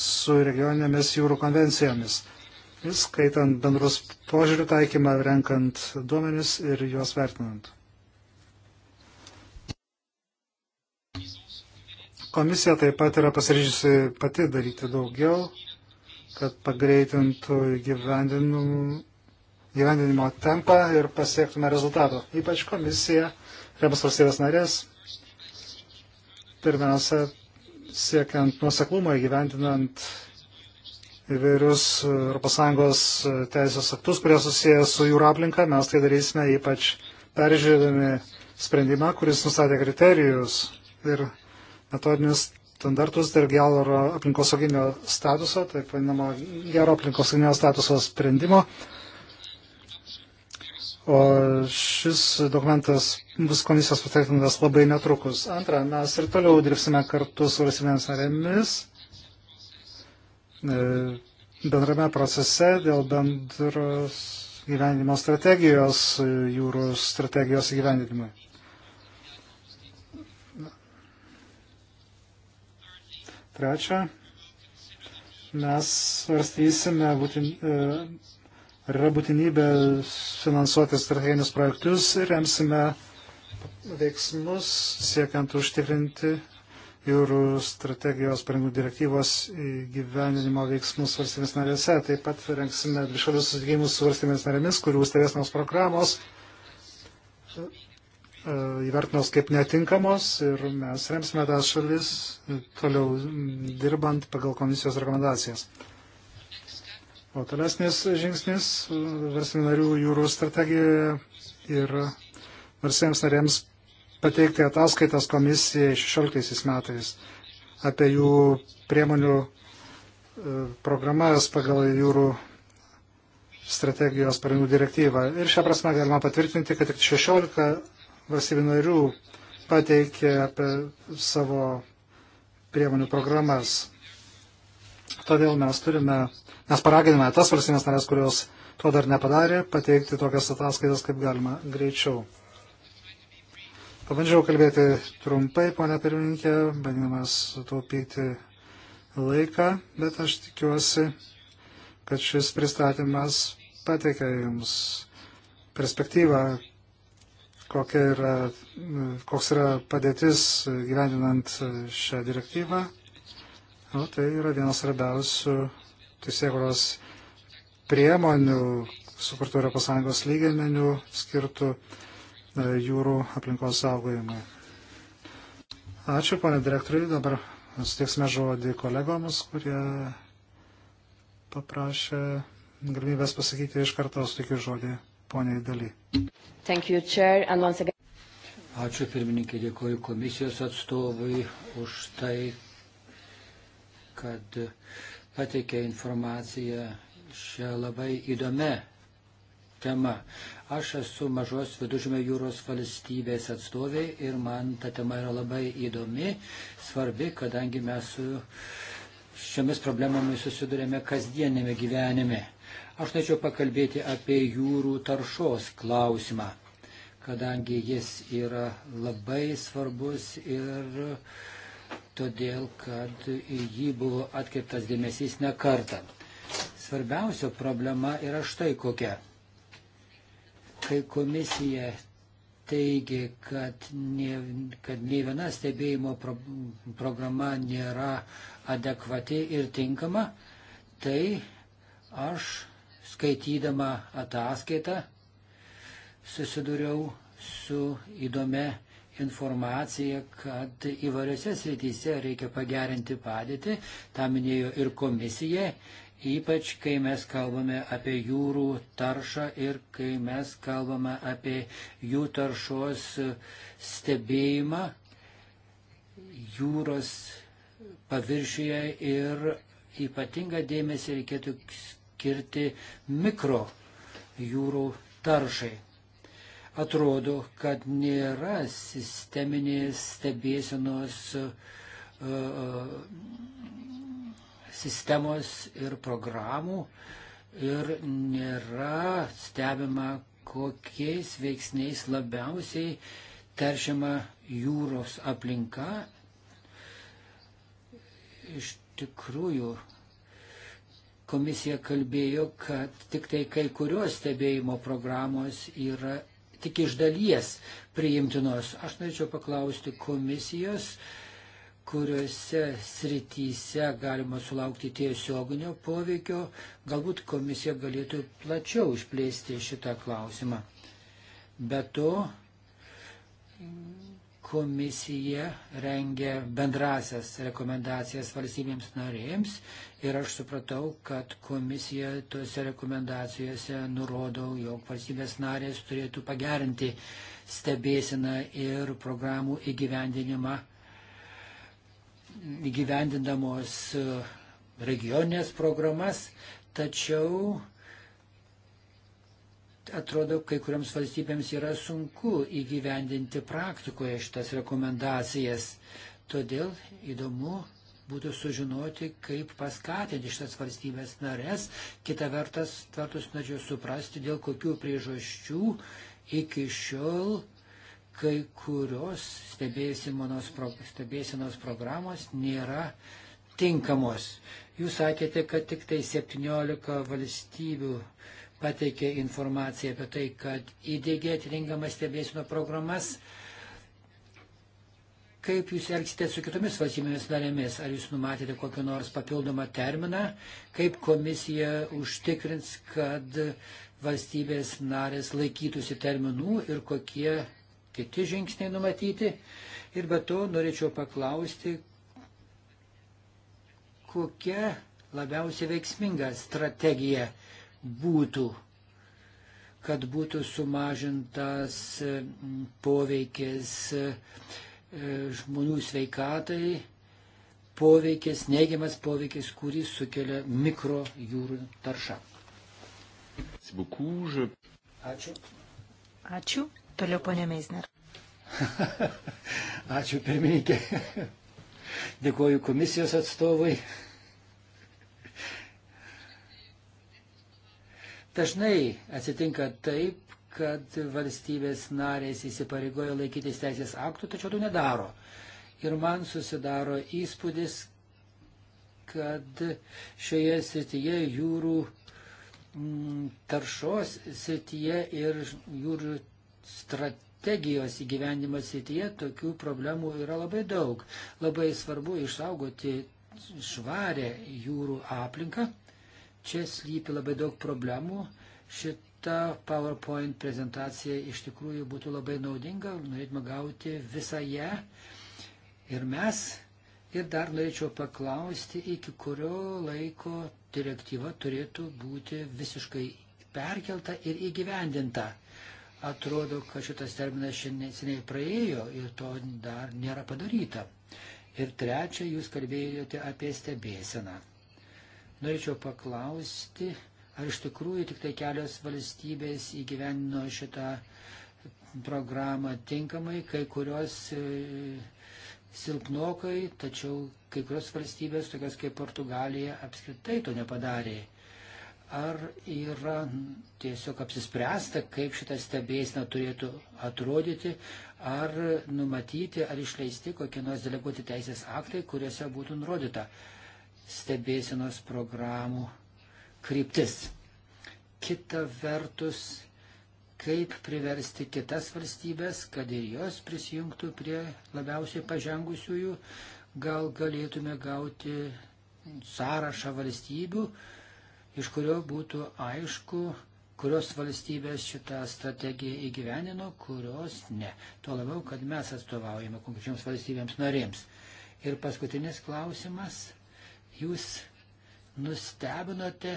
su regioninėmis jūrų konvencijomis, skaitant bendrus požiūrių taikymą, renkant duomenis ir juos vertinant. Komisija taip pat yra pasiryžusi pati daryti daugiau, kad pagreitintų gyvendinimo tempą ir pasiektume rezultato. Ypač komisija, remas valstybės narės, pirmiausia, siekiant nuoseklumo įgyvendinant įvairius ES teisės aktus, kurie susijęs su jūro aplinka, mes tai darysime ypač peržiūrėdami sprendimą, kuris nustatė kriterijus ir kriterijus metodinius standartus dėl gero aplinkosauginio statuso, taip vadinamo gero aplinkosauginio statuso sprendimo. O šis dokumentas bus komisijos patvirtintas labai netrukus. Antra, mes ir toliau dirbsime kartu su valstybėmis narėmis e, bendrame procese dėl bendros gyvenimo strategijos, jūrų strategijos įgyvendinimui. Trečia, mes svarstysime, e, ar yra būtinybė finansuoti strateginius projektus ir remsime veiksmus siekiant užtikrinti jūrų strategijos parengų direktyvos gyveninimo veiksmus valstybės narėse. Taip pat rengsime dvišalius susitikimus su valstybės narėmis, kurių stebėsnos programos E, įvertinos kaip netinkamos ir mes remsime tas šalis toliau dirbant pagal komisijos rekomendacijas. O tolesnis žingsnis e, verslių narių jūrų strategijoje ir versliams narėms pateikti ataskaitas komisijai 16 metais apie jų priemonių e, programas pagal jūrų strategijos pareigų direktyvą. Ir šią prasme galima patvirtinti, kad tik 16 valstybių narių pateikė apie savo priemonių programas. Todėl mes turime, mes paraginame tas valstybės narės, kurios to dar nepadarė, pateikti tokias ataskaitas kaip galima greičiau. Pabandžiau kalbėti trumpai, ponia pirmininkė, bandydamas taupyti laiką, bet aš tikiuosi, kad šis pristatymas pateikia jums perspektyvą, kokia yra, koks yra padėtis gyvendinant šią direktyvą. Nu, tai yra vienas svarbiausių teisėkuros priemonių sukurtų ES lygmenių skirtų e, jūrų aplinkos saugojimui. Ačiū, ponė direktoriui. Dabar suteiksime žodį kolegoms, kurie paprašė galimybės pasakyti iš karto sutikiu žodį poniai daly. Ačiū pirmininkai, dėkoju komisijos atstovui už tai, kad pateikė informaciją šią labai įdomią tema. Aš esu mažos viduržymio jūros valstybės atstovė ir man ta tema yra labai įdomi, svarbi, kadangi mes su šiomis problemomis susidurėme kasdienėme gyvenime. Aš norėčiau pakalbėti apie jūrų taršos klausimą, kadangi jis yra labai svarbus ir todėl, kad į jį buvo atkreiptas dėmesys ne kartą. Svarbiausia problema yra štai kokia. Kai komisija teigia, kad ne, kad ne viena stebėjimo pro, programa nėra adekvati ir tinkama, tai aš skaitydama ataskaitą susidūriau su įdomia informacija, kad įvairiose srityse reikia pagerinti padėtį, tą minėjo ir komisija, ypač kai mes kalbame apie jūrų taršą ir kai mes kalbame apie jų taršos stebėjimą jūros paviršyje ir ypatingą dėmesį reikėtų skirti mikro jūrų taršai. Atrodo, kad nėra sisteminės stebėsenos uh, sistemos ir programų ir nėra stebima, kokiais veiksniais labiausiai teršiama jūros aplinka. Iš tikrųjų, Komisija kalbėjo, kad tik tai kai kurios stebėjimo programos yra tik iš dalies priimtinos. Aš norėčiau paklausti komisijos, kuriuose srityse galima sulaukti tiesioginio poveikio. Galbūt komisija galėtų plačiau išplėsti šitą klausimą. Be to, komisija rengia bendrasias rekomendacijas valstybėms narėms ir aš supratau, kad komisija tose rekomendacijose nurodo, jog valstybės narės turėtų pagerinti stebėsiną ir programų įgyvendinimą, įgyvendindamos regioninės programas, tačiau atrodo, kai kuriams valstybėms yra sunku įgyvendinti praktikoje šitas rekomendacijas. Todėl įdomu būtų sužinoti, kaip paskatinti šitas valstybės narės, kita vertas, tvartus nadžiu suprasti, dėl kokių priežasčių iki šiol kai kurios stebėsinos, stebėsinos programos nėra tinkamos. Jūs sakėte, kad tik tai 17 valstybių pateikė informaciją apie tai, kad įdėgė atitinkamas stebėsino programas. Kaip jūs elgsite su kitomis valstybėmis narėmis? Ar jūs numatėte kokį nors papildomą terminą? Kaip komisija užtikrins, kad valstybės narės laikytųsi terminų ir kokie kiti žingsniai numatyti? Ir be to norėčiau paklausti, kokia labiausiai veiksminga strategija būtų, kad būtų sumažintas e, poveikis e, žmonių sveikatai, poveikis, neigiamas poveikis, kurį sukelia mikro jūrų tarša. Ačiū. Ačiū. Toliau ponė Meisner. Ačiū pirmininkė. Dėkuoju komisijos atstovui. Dažnai atsitinka taip, kad valstybės narės įsipareigoja laikytis teisės aktų, tačiau to nedaro. Ir man susidaro įspūdis, kad šioje srityje jūrų mm, taršos srityje ir jūrų strategijos įgyvendimo srityje tokių problemų yra labai daug. Labai svarbu išsaugoti švarę jūrų aplinką. Čia slypi labai daug problemų. Šita PowerPoint prezentacija iš tikrųjų būtų labai naudinga. Norėtume gauti visą ją. Ir mes. Ir dar norėčiau paklausti, iki kurio laiko direktyva turėtų būti visiškai perkelta ir įgyvendinta. Atrodo, kad šitas terminas šiandien seniai praėjo ir to dar nėra padaryta. Ir trečia, jūs kalbėjote apie stebėseną. Norėčiau paklausti, ar iš tikrųjų tik tai kelios valstybės įgyvenino šitą programą tinkamai, kai kurios e, silpnokai, tačiau kai kurios valstybės, tokios kaip Portugalija, apskritai to nepadarė. Ar yra tiesiog apsispręsta, kaip šitą stebėsną turėtų atrodyti, ar numatyti, ar išleisti kokie nors deleguoti teisės aktai, kuriuose būtų nurodyta, stebėsenos programų kryptis. Kita vertus, kaip priversti kitas valstybės, kad ir jos prisijungtų prie labiausiai pažengusiųjų, gal galėtume gauti sąrašą valstybių, iš kurio būtų aišku, kurios valstybės šitą strategiją įgyvenino, kurios ne. Tuo labiau, kad mes atstovaujame konkrečioms valstybėms norėms. Ir paskutinis klausimas Jūs nustebinote,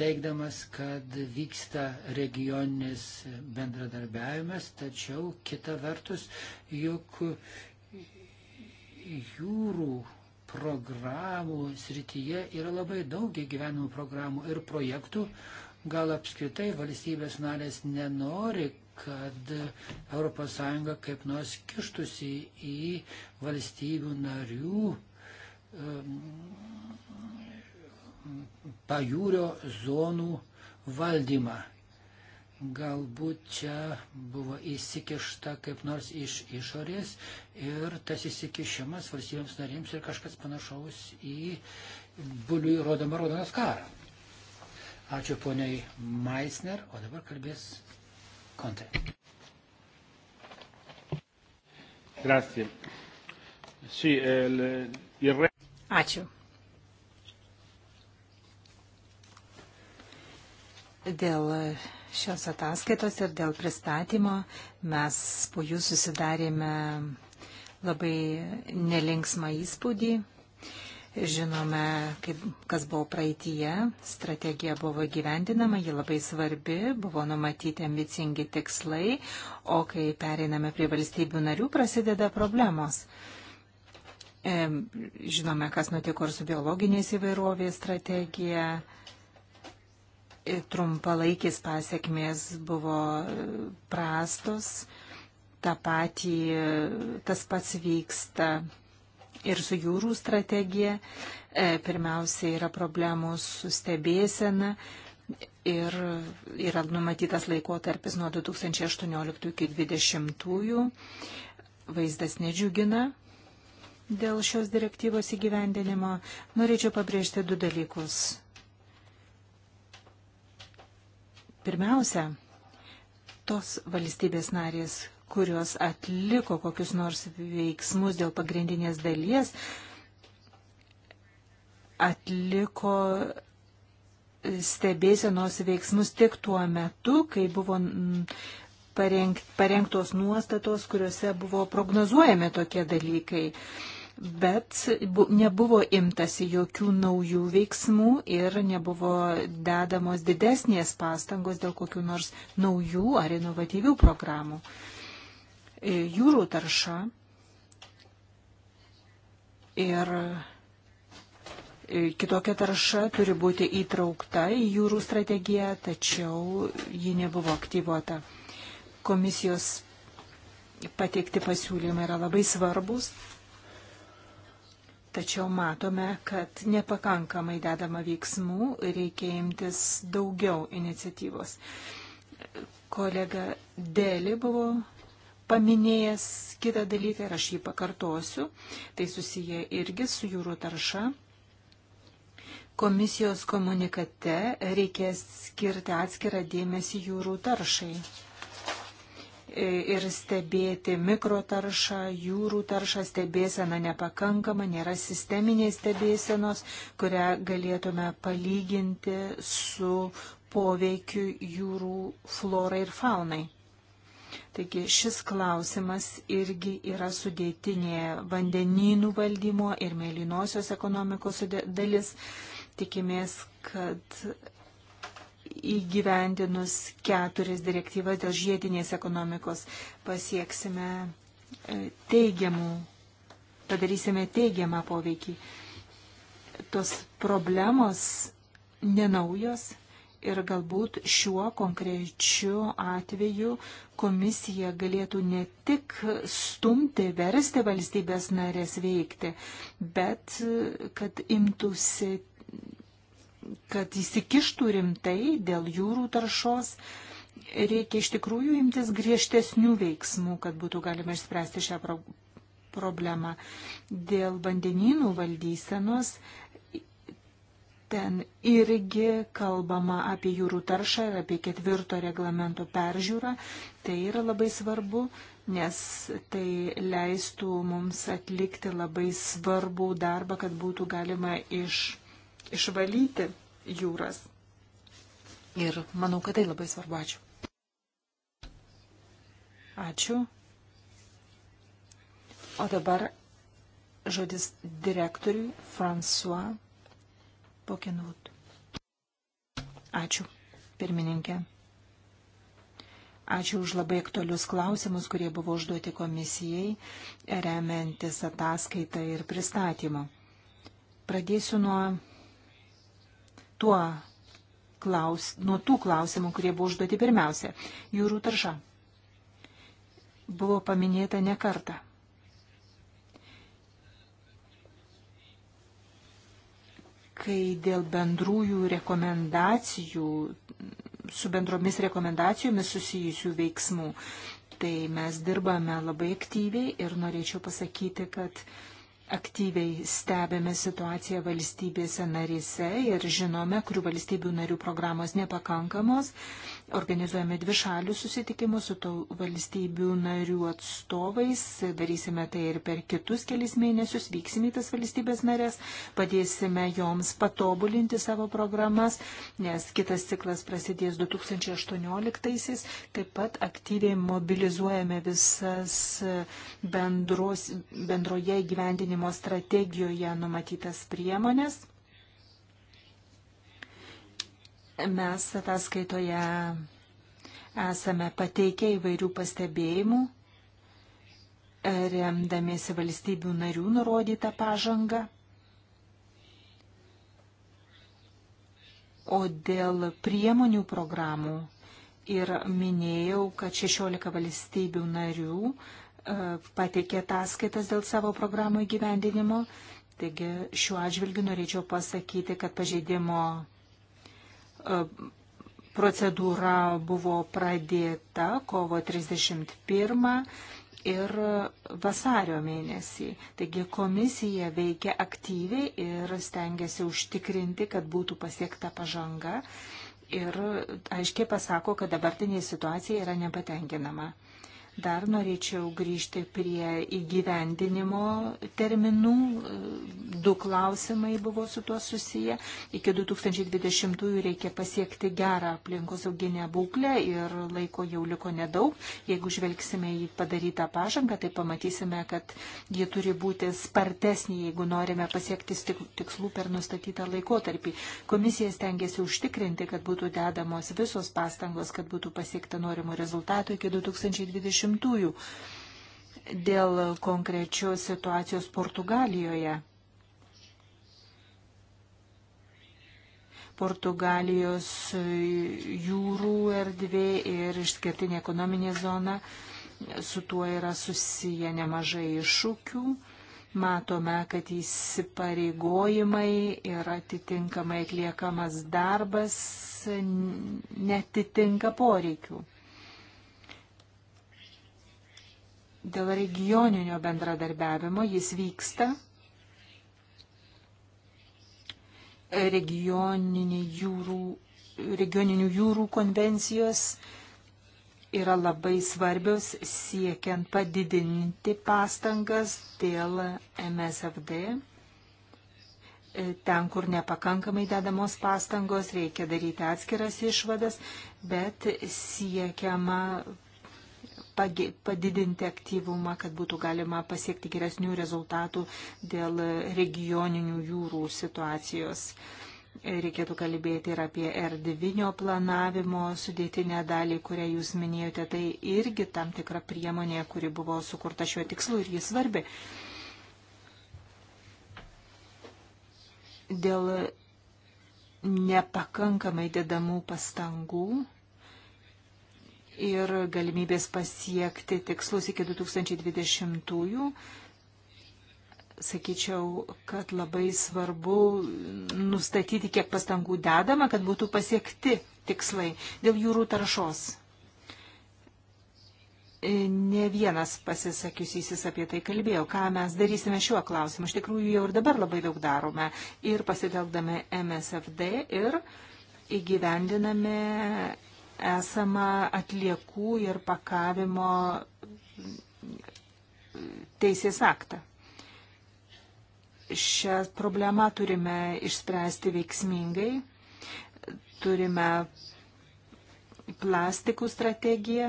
teikdamas, kad vyksta regioninis bendradarbiavimas, tačiau kita vertus, juk jūrų programų srityje yra labai daug gyvenimo programų ir projektų. Gal apskritai valstybės narės nenori, kad ES kaip nors kištusi į valstybių narių pajūrio zonų valdymą. Galbūt čia buvo įsikišta kaip nors iš išorės ir tas įsikišimas valstybėms narėms ir kažkas panašaus į buliui rodomą raudonas karą. Ačiū poniai Meisner, o dabar kalbės Konte. Grazie. Sì, il, eh, il re... Ačiū. Dėl šios ataskaitos ir dėl pristatymo mes po jų susidarėme labai nelinksmą įspūdį. Žinome, kaip, kas buvo praeitie, strategija buvo gyvendinama, ji labai svarbi, buvo numatyti ambicingi tikslai, o kai pereiname prie valstybių narių, prasideda problemos. Uh, E, žinome, kas nutiko ir su biologinės įvairovės strategija. E, Trumpalaikis pasiekmės buvo e, prastos. Ta patį, tas pats vyksta ir su jūrų strategija. Pirmiausia, yra problemų su stebėsena ir yra numatytas laikotarpis nuo 2018 iki 2020. Vaizdas nedžiugina Dėl šios direktyvos įgyvendinimo norėčiau pabrėžti du dalykus. Pirmiausia, tos valstybės narės, kurios atliko kokius nors veiksmus dėl pagrindinės dalies, atliko stebėsenos veiksmus tik tuo metu, kai buvo parengtos nuostatos, kuriuose buvo prognozuojami tokie dalykai bet nebuvo imtasi jokių naujų veiksmų ir nebuvo dedamos didesnės pastangos dėl kokių nors naujų ar inovatyvių programų. E, jūrų tarša ir e, kitokia tarša turi būti įtraukta į jūrų strategiją, tačiau ji nebuvo aktyvuota. Komisijos pateikti pasiūlymai yra labai svarbus, Tačiau matome, kad nepakankamai dedama veiksmų, reikia imtis daugiau iniciatyvos. Kolega Deli buvo paminėjęs kitą dalyką ir aš jį pakartosiu. Tai susiję irgi su jūrų tarša. Komisijos komunikate reikės skirti atskirą dėmesį jūrų taršai ir stebėti mikrotaršą, jūrų taršą, stebėsena nepakankama, nėra sisteminės stebėsenos, kurią galėtume palyginti su poveikiu jūrų florai ir faunai. Taigi šis klausimas irgi yra sudėtinė vandenynų valdymo ir mėlynosios ekonomikos dalis. Tikimės, kad įgyvendinus keturias direktyvas dėl žiedinės ekonomikos pasieksime e, teigiamų, padarysime teigiamą poveikį. Tos problemos nenaujos ir galbūt šiuo konkrečiu atveju komisija galėtų ne tik stumti, versti valstybės narės veikti, bet kad imtųsi kad įsikištų rimtai dėl jūrų taršos, reikia iš tikrųjų imtis griežtesnių veiksmų, kad būtų galima išspręsti šią pro problemą. Dėl vandenynų valdysenos ten irgi kalbama apie jūrų taršą ir apie ketvirto reglamento peržiūrą. Tai yra labai svarbu, nes tai leistų mums atlikti labai svarbų darbą, kad būtų galima iš išvalyti jūras. Ir manau, kad tai labai svarbu. Ačiū. Ačiū. O dabar žodis direktoriui François Pokenut. Ačiū, pirmininkė. Ačiū už labai aktualius klausimus, kurie buvo užduoti komisijai, remiantis ataskaitą ir pristatymą. Pradėsiu nuo tuo klaus, nuo tų klausimų, kurie buvo užduoti pirmiausia. Jūrų tarša buvo paminėta ne kartą. Kai dėl bendrųjų rekomendacijų, su bendromis rekomendacijomis susijusių veiksmų, tai mes dirbame labai aktyviai ir norėčiau pasakyti, kad uh, aktyviai stebėme situaciją valstybėse narise ir žinome, kurių valstybių narių programos nepakankamos. Organizuojame dvi šalių susitikimus su tų valstybių narių atstovais. Darysime tai ir per kitus kelias mėnesius. Vyksime į tas valstybės narės, padėsime joms patobulinti savo programas, nes kitas ciklas prasidės 2018-aisiais. Taip pat aktyviai mobilizuojame visas bendros, bendroje įgyvendinimo gyvenimo strategijoje numatytas priemonės. Mes ataskaitoje esame pateikę įvairių pastebėjimų, remdamiesi valstybių narių nurodytą pažangą. O dėl priemonių programų ir minėjau, kad 16 valstybių narių E, pateikė ataskaitas dėl savo programų įgyvendinimo. Taigi šiuo atžvilgiu norėčiau pasakyti, kad pažeidimo e, procedūra buvo pradėta kovo 31 ir vasario mėnesį. Taigi komisija veikia aktyviai ir stengiasi užtikrinti, kad būtų pasiekta pažanga ir aiškiai pasako, kad dabartinė situacija yra nepatenkinama. Dar norėčiau grįžti prie įgyvendinimo terminų. Du klausimai buvo su tuo susiję. Iki 2020 reikia pasiekti gerą aplinkosauginę būklę ir laiko jau liko nedaug. Jeigu žvelgsime į padarytą pažangą, tai pamatysime, kad ji turi būti spartesnė, jeigu norime pasiekti tikslų per nustatytą laikotarpį. Komisija stengiasi užtikrinti, kad būtų dedamos visos pastangos, kad būtų pasiekta norimų rezultatų iki 2020. 2010-ųjų dėl konkrečios situacijos Portugalijoje. Portugalijos jūrų erdvė ir išskirtinė ekonominė zona. Su tuo yra susiję nemažai iššūkių. Matome, kad įsipareigojimai ir atitinkamai atliekamas darbas netitinka poreikių. Dėl regioninio bendradarbiavimo jis vyksta. Jūrų, regioninių jūrų konvencijos yra labai svarbios siekiant padidinti pastangas dėl MSFD. Ten, kur nepakankamai dedamos pastangos, reikia daryti atskiras išvadas, bet siekiama padidinti aktyvumą, kad būtų galima pasiekti geresnių rezultatų dėl regioninių jūrų situacijos. Reikėtų kalbėti ir apie erdvinio planavimo sudėtinę dalį, kurią jūs minėjote. Tai irgi tam tikra priemonė, kuri buvo sukurta šiuo tikslu ir jis svarbi. Dėl nepakankamai dedamų pastangų ir galimybės pasiekti tikslus iki 2020-ųjų. Sakyčiau, kad labai svarbu nustatyti, kiek pastangų dedama, kad būtų pasiekti tikslai dėl jūrų taršos. Ne vienas pasisakiusysis apie tai kalbėjo, ką mes darysime šiuo klausimu. Iš tikrųjų, jau ir dabar labai daug darome ir pasitelkdami MSFD ir įgyvendiname esama atliekų ir pakavimo teisės aktą. Šią problemą turime išspręsti veiksmingai. Turime plastikų strategiją,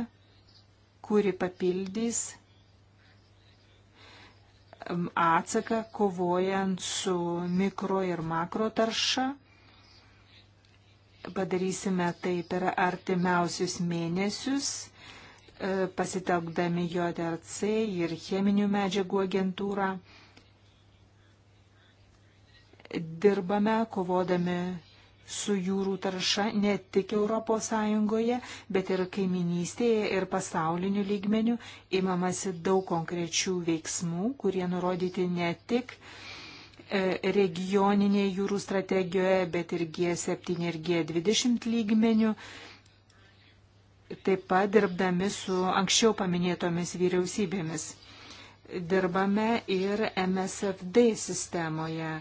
kuri papildys um, atsaką kovojant su mikro ir makro tarša Padarysime tai per artimiausius mėnesius, e, pasitelkdami JRC ir cheminių medžiagų agentūrą. Dirbame kovodami su jūrų tarša ne tik ES, bet ir kaiminystėje ir pasauliniu lygmeniu imamasi daug konkrečių veiksmų, kurie nurodyti ne tik uh, E, regioninėje jūrų strategijoje, bet ir G7 ir G20 lygmenių, taip pat dirbdami su anksčiau paminėtomis vyriausybėmis. Dirbame ir MSFD sistemoje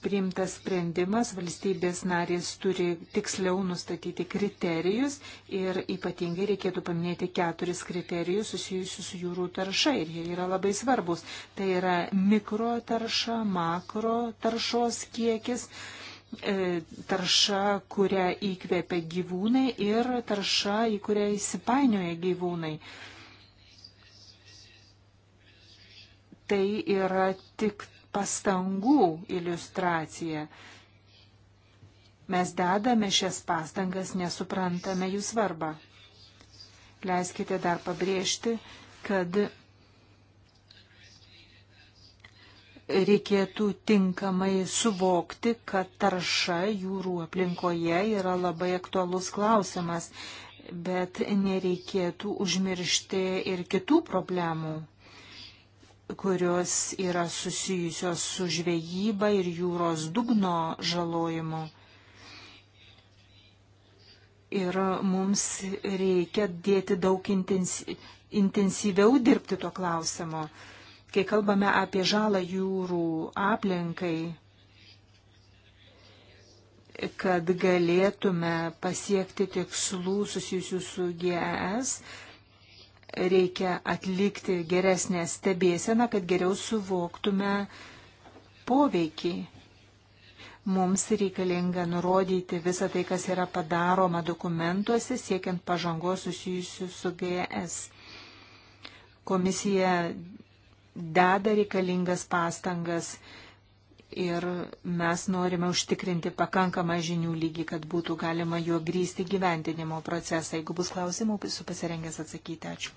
priimtas sprendimas, valstybės narės turi tiksliau nustatyti kriterijus ir ypatingai reikėtų paminėti keturis kriterijus susijusius su jūrų tarša ir jie yra labai svarbus. Tai yra mikro tarša, makro taršos kiekis, e, tarša, kurią įkvėpia gyvūnai ir tarša, į kurią įsipainioja gyvūnai. Tai yra tik pastangų iliustracija. Mes dedame šias pastangas, nesuprantame jų svarbą. Leiskite dar pabrėžti, kad reikėtų tinkamai suvokti, kad tarša jūrų aplinkoje yra labai aktualus klausimas, bet nereikėtų užmiršti ir kitų problemų kurios yra susijusios su žvejyba ir jūros dugno žalojimu. Ir mums reikia dėti daug intensi intensyviau dirbti tuo klausimu. Kai kalbame apie žalą jūrų aplinkai, kad galėtume pasiekti tikslų susijusių su GES, reikia atlikti geresnę stebėseną, kad geriau suvoktume poveikį. Mums reikalinga nurodyti visą tai, kas yra padaroma dokumentuose, siekiant pažangos susijusių su GS. Komisija deda reikalingas pastangas ir mes norime užtikrinti pakankamą žinių lygį, kad būtų galima juo grįsti gyventinimo procesą. Jeigu bus klausimų, esu pasirengęs atsakyti. Ačiū.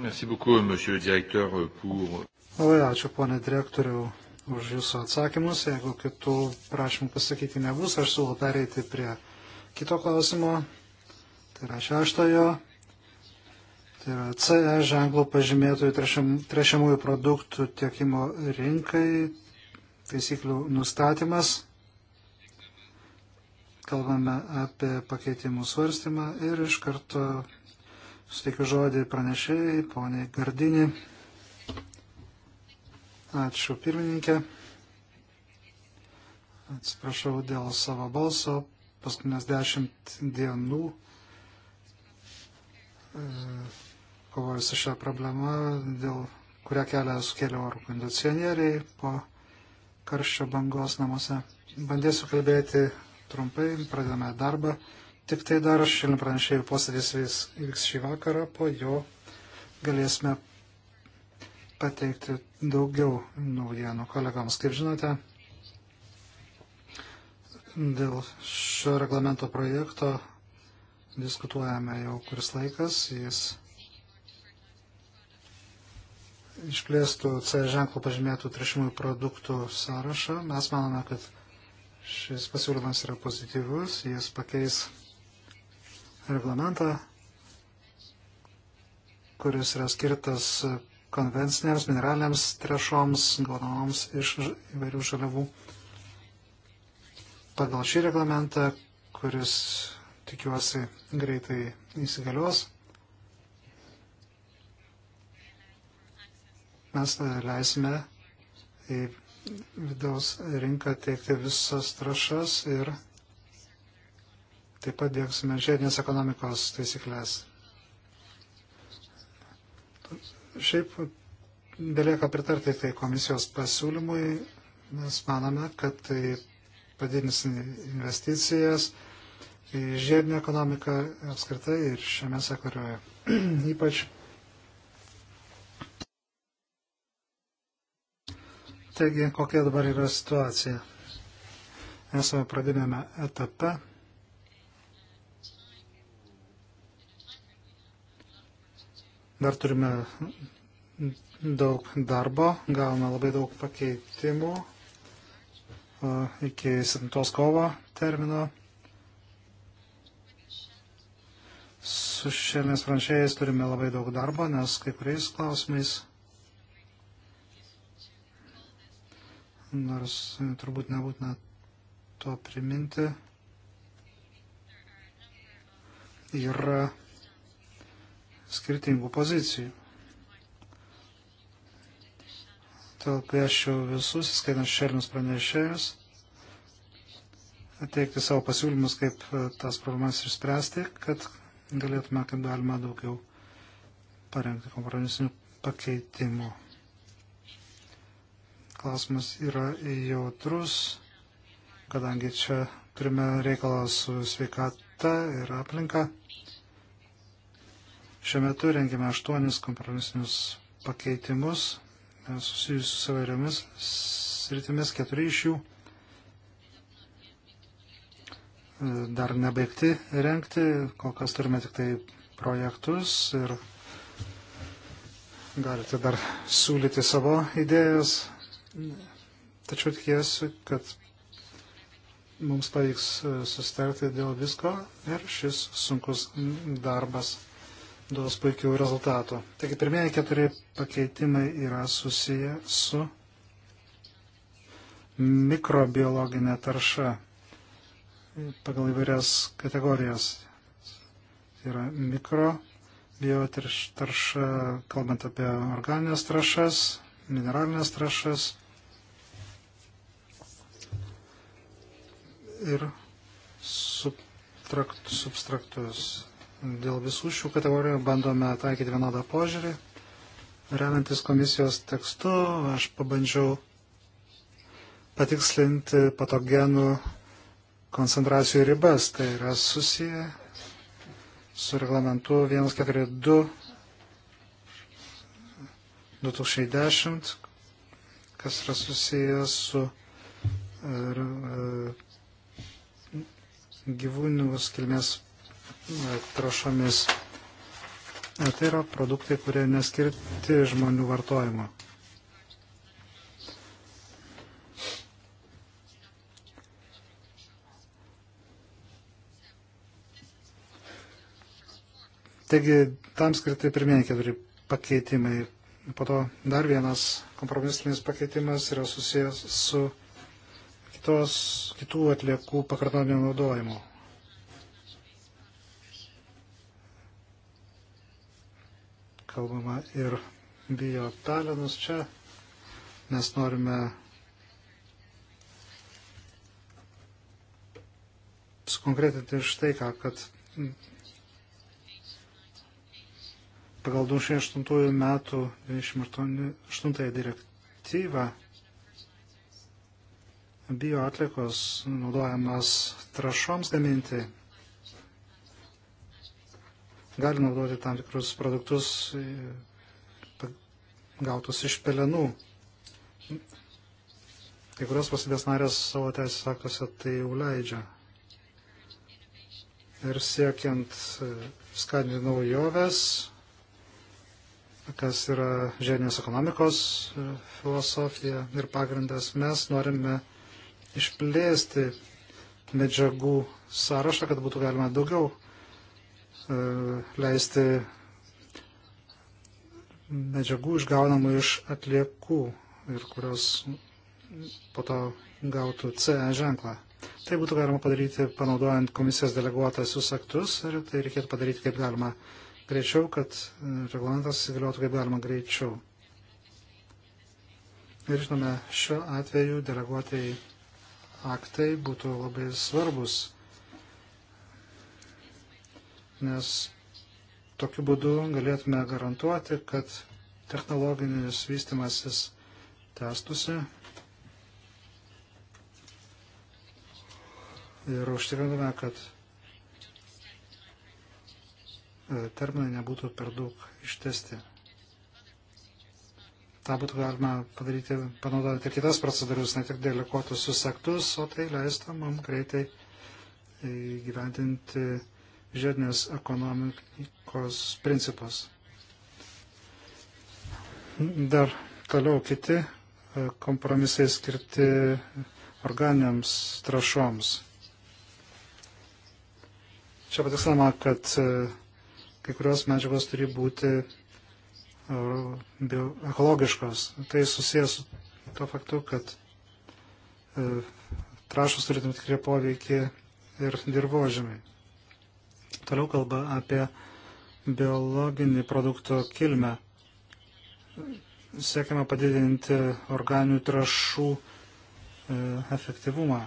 Merci beaucoup, monsieur le directeur, pour... Labai ačiū, ponė direktoriau, už jūsų atsakymus. Jeigu kitų prašymų pasakyti nebus, aš siūlau pereiti prie kito klausimo. Tai yra šeštojo. Tai yra CE ženklo pažymėtojų trešiamųjų produktų tiekimo rinkai taisyklių nustatymas. Kalbame apie pakeitimų svarstymą ir iš karto suteikiu žodį pranešėjai, poniai Gardinį. Ačiū pirmininkė. Atsiprašau dėl savo balso. Paskutinės dešimt dienų e, kovoju su šią problemą, dėl kurią kelią sukėlė oro kondicionieriai po karščio bangos namuose. Bandėsiu kalbėti trumpai, pradedame darbą. Tik tai dar šiandien pranešėjų posėdis vyks šį vakarą, po jo galėsime pateikti daugiau naujienų kolegams. Kaip žinote, dėl šio reglamento projekto diskutuojame jau kuris laikas, jis išplėstų C ženklų pažymėtų trešimųjų produktų sąrašą. Mes manome, kad šis pasiūlymas yra pozityvus, jis pakeis reglamentą, kuris yra skirtas konvencinėms mineraliniams trešoms, gaunamoms iš įvairių žaliavų. Pagal šį reglamentą, kuris tikiuosi greitai įsigalios, mes leisime į vidaus rinką teikti visas trašas ir taip pat dėksime žiedinės ekonomikos taisyklės. Šiaip belieka pritarti tai komisijos pasiūlymui, mes manome, kad tai padidins investicijas į žiedinę ekonomiką apskritai ir šiame sektoriuje. Ypač Taigi, kokia dabar yra situacija? Esame pradinėme etape. Dar turime daug darbo, gavome labai daug pakeitimų iki 7 kovo termino. Su šiandienis pranešėjais turime labai daug darbo, nes kai kuriais klausimais nors e, turbūt nebūtina to priminti. Yra skirtingų pozicijų. Todėl kviečiu visus, skaitant šelnius pranešėjus, teikti savo pasiūlymus, kaip e, tas problemas išspręsti, kad galėtume, kaip galima, daugiau parengti kompromisinių pakeitimų klausimas yra jautrus, kadangi čia turime reikalą su sveikata ir aplinka. Šiuo metu rengiame aštuonis kompromisinius pakeitimus e, susijusius su įvairiomis sritimis, keturi iš jų e, dar nebaigti renkti, kol kas turime tik tai projektus ir galite dar siūlyti savo idėjas. Tačiau tikiuosi, kad mums pavyks e, sustarti dėl visko ir šis sunkus darbas duos puikių rezultatų. Taigi pirmieji keturi pakeitimai yra susiję su mikrobiologinė tarša pagal įvairias kategorijas. Tai yra mikro biotarša, kalbant apie organinės trašas, mineralinės trašas, ir subtrakt, substraktus. Dėl visų šių kategorijų bandome taikyti vienodą požiūrį. Remiantis komisijos tekstu, aš pabandžiau patikslinti patogenų koncentracijų ribas. Tai yra susiję su reglamentu 142 2010, kas yra susijęs su e, e, gyvūnus kilmės e, trašomis. E, tai yra produktai, kurie neskirti žmonių vartojimo. Taigi tam skirti pirmieji keturi pakeitimai. Po to dar vienas kompromisinis pakeitimas yra susijęs su kitos, kitų atliekų pakartotinio naudojimo. Kalbama ir bio talenus čia. Mes norime sukonkretinti štai ką, kad pagal 2008 metų 28 direktyvą bio atlikos naudojamas trašoms gaminti gali naudoti tam tikrus produktus e, gautus iš pelenų. Kai kurios valstybės narės savo teisės aktuose tai jau leidžia. Ir siekiant e, skatinti naujoves, kas yra žiedinės ekonomikos e, filosofija ir pagrindas, mes norime išplėsti medžiagų sąrašą, kad būtų galima daugiau e, leisti medžiagų išgaunamų iš atliekų ir kurios po to gautų C ženklą. Tai būtų galima padaryti panaudojant komisijos deleguotasius aktus ir tai reikėtų padaryti kaip galima greičiau, kad e, reglamentas įsigaliotų kaip galima greičiau. Ir žinome, šiuo atveju deleguotieji aktai būtų labai svarbus, nes tokiu būdu galėtume garantuoti, kad technologinis vystimasis tęstusi ir užtikrintume, kad e, terminai nebūtų per daug ištesti tą būtų galima padaryti, panaudojant ir kitas procedūras, ne tik deleguotus susaktus, o tai leistų mums greitai gyventinti žiedinės ekonomikos principus. Dar toliau kiti e, kompromisai skirti organiniams trašoms. Čia patikslinama, kad e, kai kurios medžiagos turi būti ekologiškos. Tai susijęs su to faktu, kad e, trašus turi tam tikrį poveikį ir dirbožymiai. Toliau kalba apie biologinį produkto kilmę. Siekiama padidinti organinių trašų e, efektyvumą,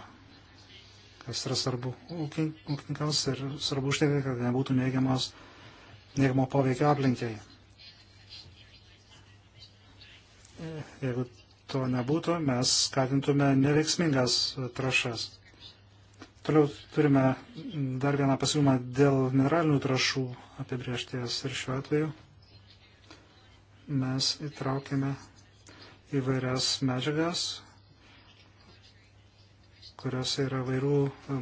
kas yra svarbu ūkininkams ir svarbu užtikrinti, kad nebūtų neigiamos, neigiamo poveikio aplinkiai. Jeigu to nebūtų, mes skatintume neveiksmingas trašas. Toliau turime dar vieną pasiūlymą dėl mineralinių trašų apibriešties ir šiuo atveju mes įtraukėme įvairias medžiagas, kurios yra vairių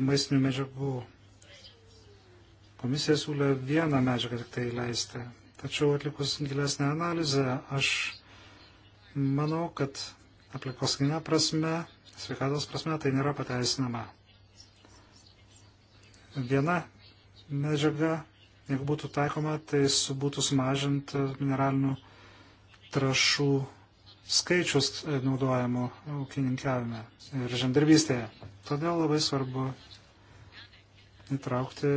maistinių medžiagų. Komisija siūlė vieną medžiagą tik tai leisti. Tačiau atlikus gilesnę analizę, aš Manau, kad aplikoskinė prasme, sveikatos prasme tai nėra pateisinama. Viena medžiaga, jeigu būtų taikoma, tai būtų sumažinti e, mineralinių trašų skaičius e, naudojamų ūkininkavime ir žemdirbystėje. Todėl labai svarbu įtraukti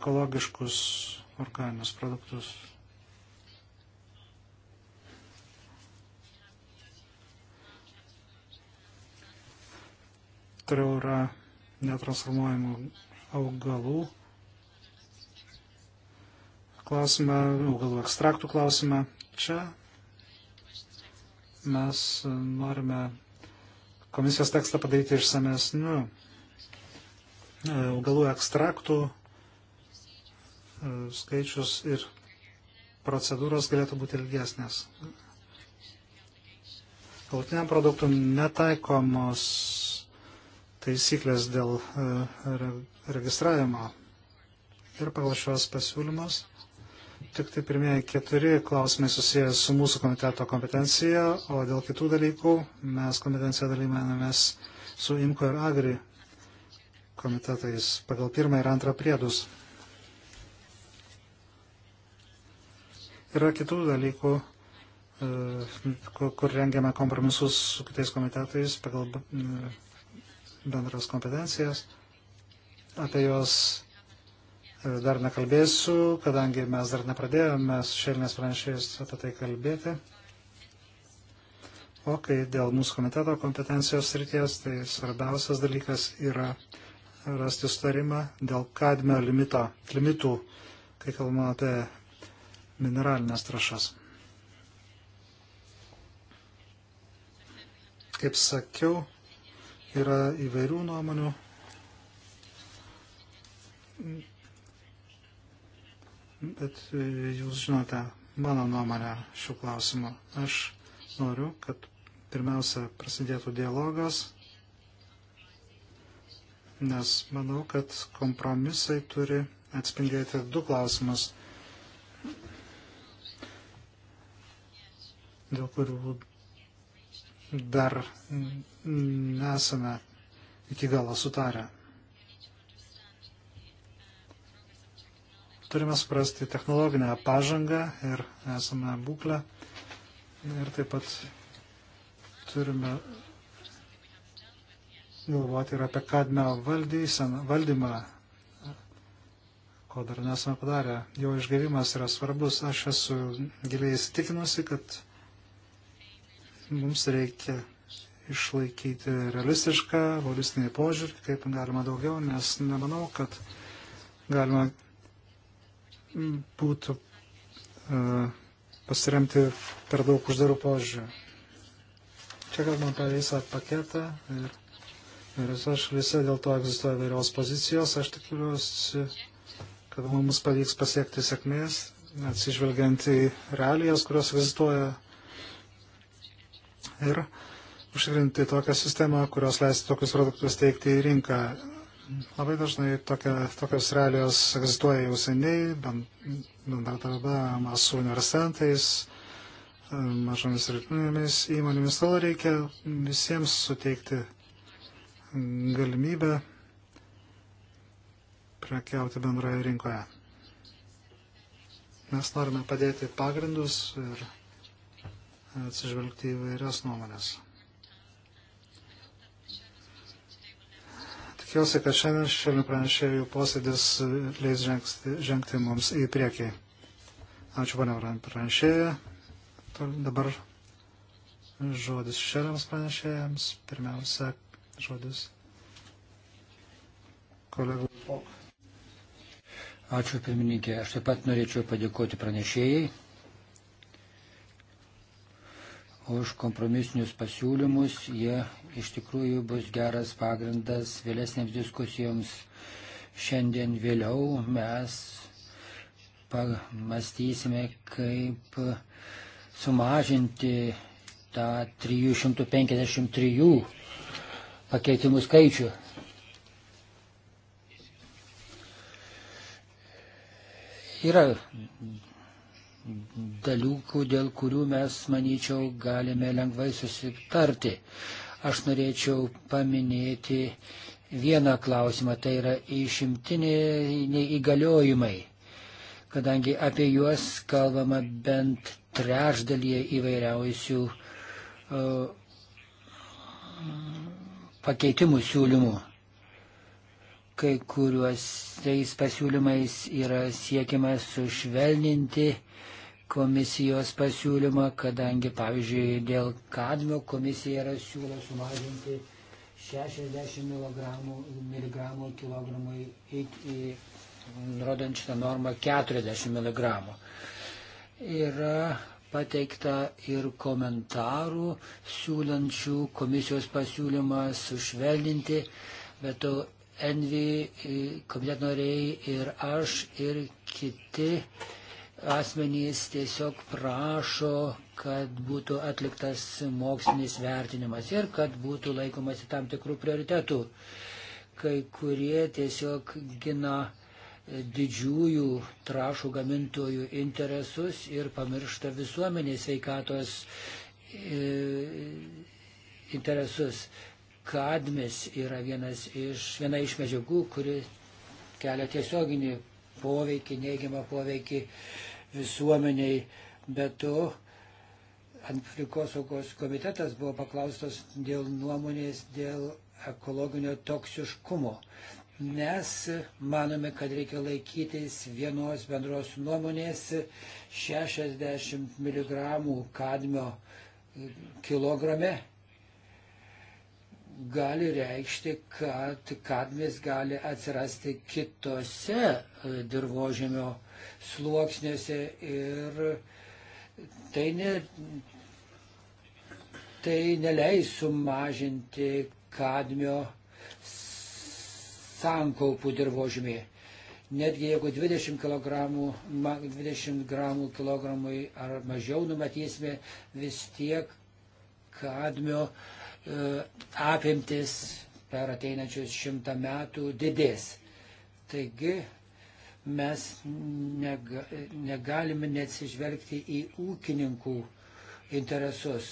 ekologiškus organinius produktus. sektorių yra netransformuojamų augalų klausimą, augalų ekstraktų klausimą. Čia mes norime komisijos tekstą padaryti išsamesniu. E, augalų ekstraktų e, skaičius ir procedūros galėtų būti ilgesnės. Galutiniam produktui netaikomos taisyklės dėl e, re, registravimo. Ir pagal šios pasiūlymus tik tai pirmieji keturi klausimai susijęs su mūsų komiteto kompetencija, o dėl kitų dalykų mes kompetenciją dalymenamės su IMCO ir AGRI komitetais pagal pirmą ir antrą priedus. Yra kitų dalykų, e, kur rengiame kompromisus su kitais komitetais pagal bendras kompetencijas. Apie juos e, dar nekalbėsiu, kadangi mes dar nepradėjome su šėlinės pranešėjais apie tai kalbėti. O kai dėl mūsų komiteto kompetencijos ryties, tai svarbiausias dalykas yra rasti sutarimą dėl kadmio limito, limitų, kai kalbame apie mineralinės trašas. Kaip sakiau, Yra įvairių nuomonių. Bet e, jūs žinote mano nuomonę šių klausimų. Aš noriu, kad pirmiausia prasidėtų dialogas, nes manau, kad kompromisai turi atspindėti du klausimus, dėl kurių dar nesame iki galo sutarę. Turime suprasti technologinę pažangą ir esame būklę. Ir taip pat turime galvoti ir apie kadmio valdymą, ko dar nesame padarę. Jo išgavimas yra svarbus. Aš esu giliai įsitikinusi, kad mums reikia išlaikyti realistišką, holistinį požiūrį, kaip galima daugiau, nes nemanau, kad galima būtų uh, pasiremti per daug uždarų požiūrį. Čia kalbame apie visą paketą ir visose šalise dėl to egzistuoja vairios pozicijos. Aš tikiuosi, kad mums pavyks pasiekti sėkmės, atsižvelgiant į realijas, kurios egzistuoja ir užtikrinti tokią sistemą, kurios leistų tokius produktus teikti į rinką. Labai dažnai tokia, tokios realijos egzistuoja jau seniai, bendradarbiavama su universitetais, mažomis rytinėmis įmonėmis. Todėl reikia visiems suteikti galimybę prekiauti bendroje rinkoje. Mes norime padėti pagrindus ir atsižvelgti į vairias nuomonės. Tikiuosi, kad šiandien šiandien pranešėjų posėdis leis žengti, žengti mums į priekį. Ačiū, ponia pranešėja. Dabar žodis šiandiems pranešėjams. Pirmiausia, žodis kolegų. Ačiū, pirmininkė. Aš taip pat norėčiau padėkoti pranešėjai už kompromisinius pasiūlymus. Jie iš tikrųjų bus geras pagrindas vėlesnėms diskusijoms. Šiandien vėliau mes pamastysime, kaip sumažinti tą 353 pakeitimų skaičių. Yra dalykų, dėl kurių mes, manyčiau, galime lengvai susitarti. Aš norėčiau paminėti vieną klausimą, tai yra išimtiniai įgaliojimai, kadangi apie juos kalbama bent trešdalyje įvairiausių uh, pakeitimų siūlymų kai kuriuos tais pasiūlymais yra siekiama sušvelninti komisijos pasiūlymą, kadangi, pavyzdžiui, dėl kadmio komisija yra siūlo sumažinti 60 mg kilogramui iki, nurodant šitą normą, 40 mg. Yra pateikta ir komentarų siūlančių komisijos pasiūlymą sušvelninti, bet to Envi komiteto nariai ir aš ir kiti asmenys tiesiog prašo, kad būtų atliktas mokslinis vertinimas ir kad būtų laikomasi tam tikrų prioritetų. Kai kurie tiesiog gina didžiųjų trašų gamintojų interesus ir pamiršta visuomenės veikatos interesus kadmis yra vienas iš, viena iš medžiagų, kuri kelia tiesioginį poveikį, neigiamą poveikį visuomeniai. Bet to Afrikosaugos komitetas buvo paklaustas dėl nuomonės dėl ekologinio toksiškumo. Mes manome, kad reikia laikytis vienos bendros nuomonės 60 mg kadmio kilograme gali reikšti, kad kadmis gali atsirasti kitose e, dirbožėmio sluoksniuose ir tai, ne, tai neleis sumažinti kadmio sankaupų dirbožėmėje netgi jeigu 20 kg, 20 gramų kilogramui ar mažiau numatysime, vis tiek kadmio E, apimtis per ateinačius šimtą metų didės. Taigi mes nega, negalime neatsižvelgti į ūkininkų interesus.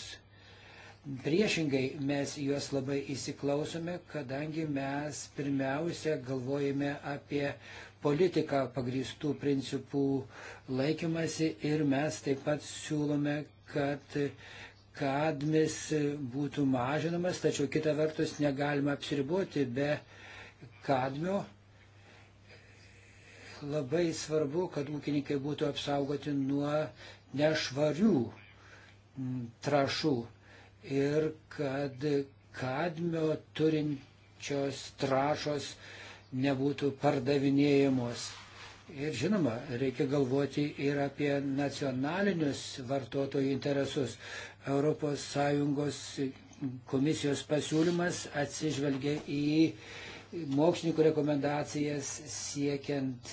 Priešingai mes juos labai įsiklausome, kadangi mes pirmiausia galvojame apie politiką pagrįstų principų laikymasi ir mes taip pat siūlome, kad kadmis būtų mažinamas, tačiau kita vertus negalima apsiriboti be kadmio. Labai svarbu, kad ūkininkai būtų apsaugoti nuo nešvarių trašų ir kad kadmio turinčios trašos nebūtų pardavinėjamos. Ir žinoma, reikia galvoti ir apie nacionalinius vartotojų interesus. ES komisijos pasiūlymas atsižvelgia į mokslininkų rekomendacijas siekiant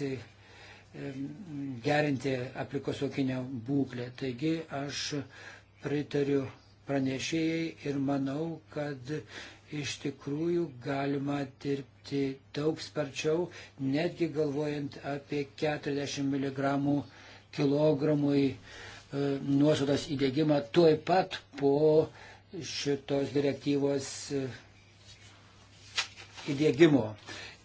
gerinti aplikosaukinę būklę. Taigi aš pritariu pranešėjai ir manau, kad iš tikrųjų galima dirbti daug sparčiau, netgi galvojant apie 40 mg kilogramui E, nuostatos įdėgymą tuoj pat po šitos direktyvos e, įdėgymo.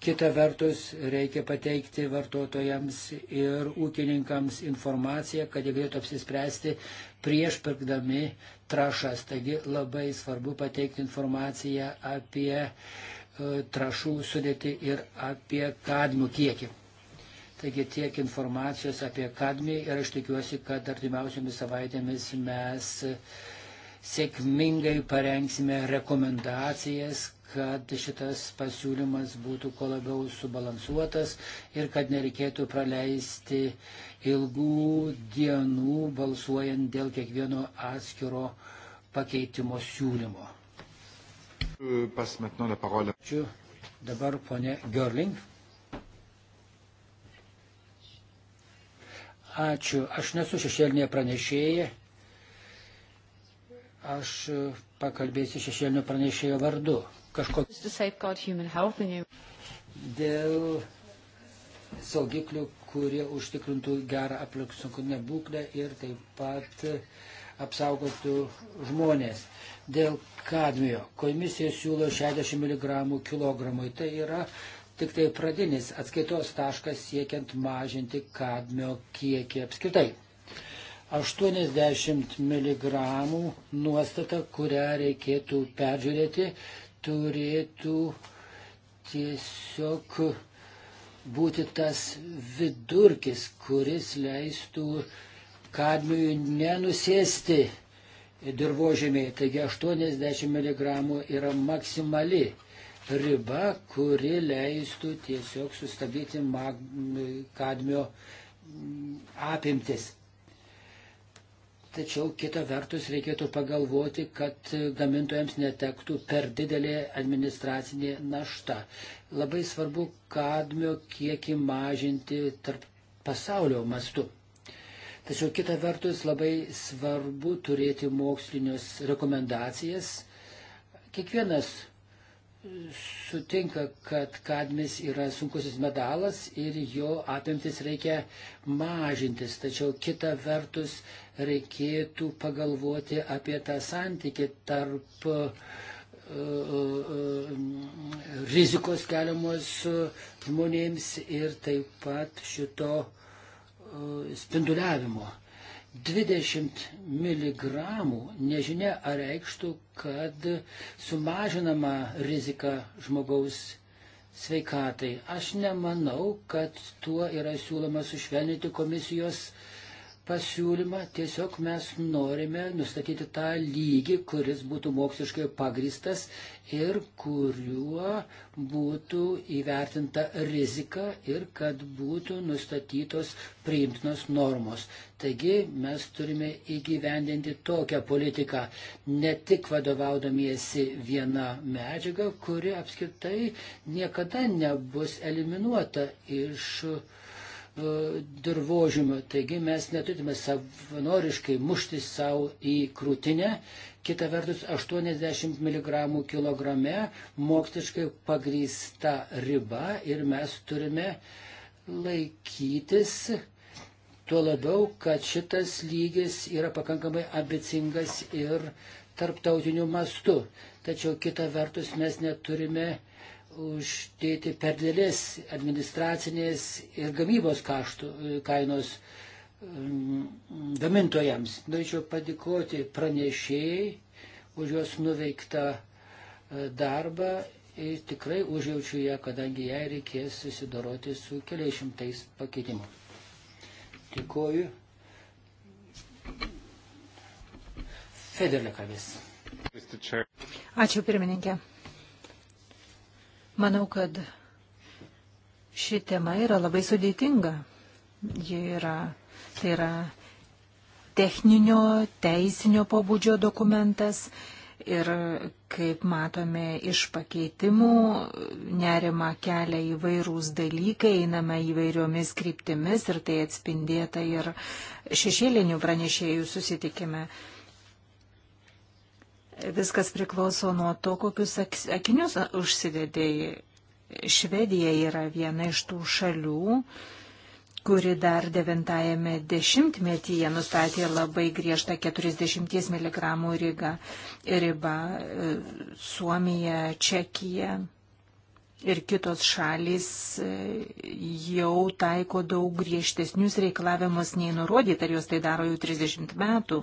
Kita vertus, reikia pateikti vartotojams ir ūkininkams informaciją, kad jie galėtų apsispręsti prieš pirkdami trašas. Taigi labai svarbu pateikti informaciją apie e, trašų sudėti ir apie kadmių kiekį. Taigi tiek informacijos apie kadmį ir aš tikiuosi, kad artimiausiomis savaitėmis mes sėkmingai parengsime rekomendacijas, kad šitas pasiūlymas būtų kuo labiau subalansuotas ir kad nereikėtų praleisti ilgų dienų balsuojant dėl kiekvieno atskiro pakeitimo siūlymo. Ačiū. Dabar ponė Görling. Ačiū. Aš nesu šešėlinė pranešėja. Aš e, pakalbėsiu šešėlinio pranešėjo vardu. Kažkokiu. Dėl saugiklių, kurie užtikrintų gerą aplinkosaugumę būklę ir taip pat apsaugotų žmonės. Dėl kadmio komisija siūlo 60 mg kilogramui. Tai yra tik tai pradinis atskaitos taškas siekiant mažinti kadmio kiekį apskritai. 80 mg nuostata, kurią reikėtų peržiūrėti, turėtų tiesiog būti tas vidurkis, kuris leistų kadmiui nenusėsti dirbožėmiai. Taigi 80 mg yra maksimali riba, kuri leistų tiesiog sustabdyti mag... kadmio mm, apimtis. Tačiau kita vertus reikėtų pagalvoti, kad gamintojams netektų per didelė administracinė našta. Labai svarbu kadmio kiekį mažinti tarp pasaulio mastu. Tačiau kita vertus labai svarbu turėti mokslinius rekomendacijas. Kiekvienas sutinka, kad kadmis yra sunkusis medalas ir jo apimtis reikia mažintis. Tačiau kita vertus reikėtų pagalvoti apie tą santykį tarp uh, uh, rizikos keliamos žmonėms ir taip pat šito uh, spinduliavimo. 20 mg nežinia ar reikštų, kad sumažinama rizika žmogaus sveikatai. Aš nemanau, kad tuo yra siūloma sušvelninti komisijos uh, pasiūlymą, tiesiog mes norime nustatyti tą lygį, kuris būtų moksliškai pagristas ir kuriuo būtų įvertinta rizika ir kad būtų nustatytos priimtinos normos. Taigi mes turime įgyvendinti tokią politiką, ne tik vadovaudamiesi viena medžiaga, kuri apskritai niekada nebus eliminuota iš uh, E, dirbožymio. Taigi mes neturime savanoriškai mušti savo į krūtinę. Kita vertus, 80 mg kilograme moksliškai pagrįsta riba ir mes turime laikytis. Tuo labiau, kad šitas lygis yra pakankamai ambicingas ir tarptautiniu mastu. Tačiau kita vertus mes neturime uh, uždėti per dėlės administracinės ir gamybos kaštų, kainos mm, gamintojams. Norėčiau padėkoti pranešėjai už jos nuveiktą e, darbą ir tikrai užjaučiu ją, kadangi jai reikės susidoroti su keliais šimtais pakeitimų. Dėkuoju. Federle kalbės. Ačiū pirmininkė. Manau, kad ši tema yra labai sudėtinga. Ji yra, tai yra techninio, teisinio pobūdžio dokumentas ir, kaip matome, iš pakeitimų nerima kelia įvairūs dalykai, einame įvairiomis kryptimis ir tai atspindėta ir šešėlinių pranešėjų susitikime. Viskas priklauso nuo to, kokius akinius užsidedėjai. Švedija yra viena iš tų šalių, kuri dar devintajame dešimtmetyje nustatė labai griežtą 40 mg rygą, ribą e, Suomija, Čekija ir kitos šalys e, jau taiko daug griežtesnius reikalavimus nei nurodyta, ir jos tai daro jau 30 metų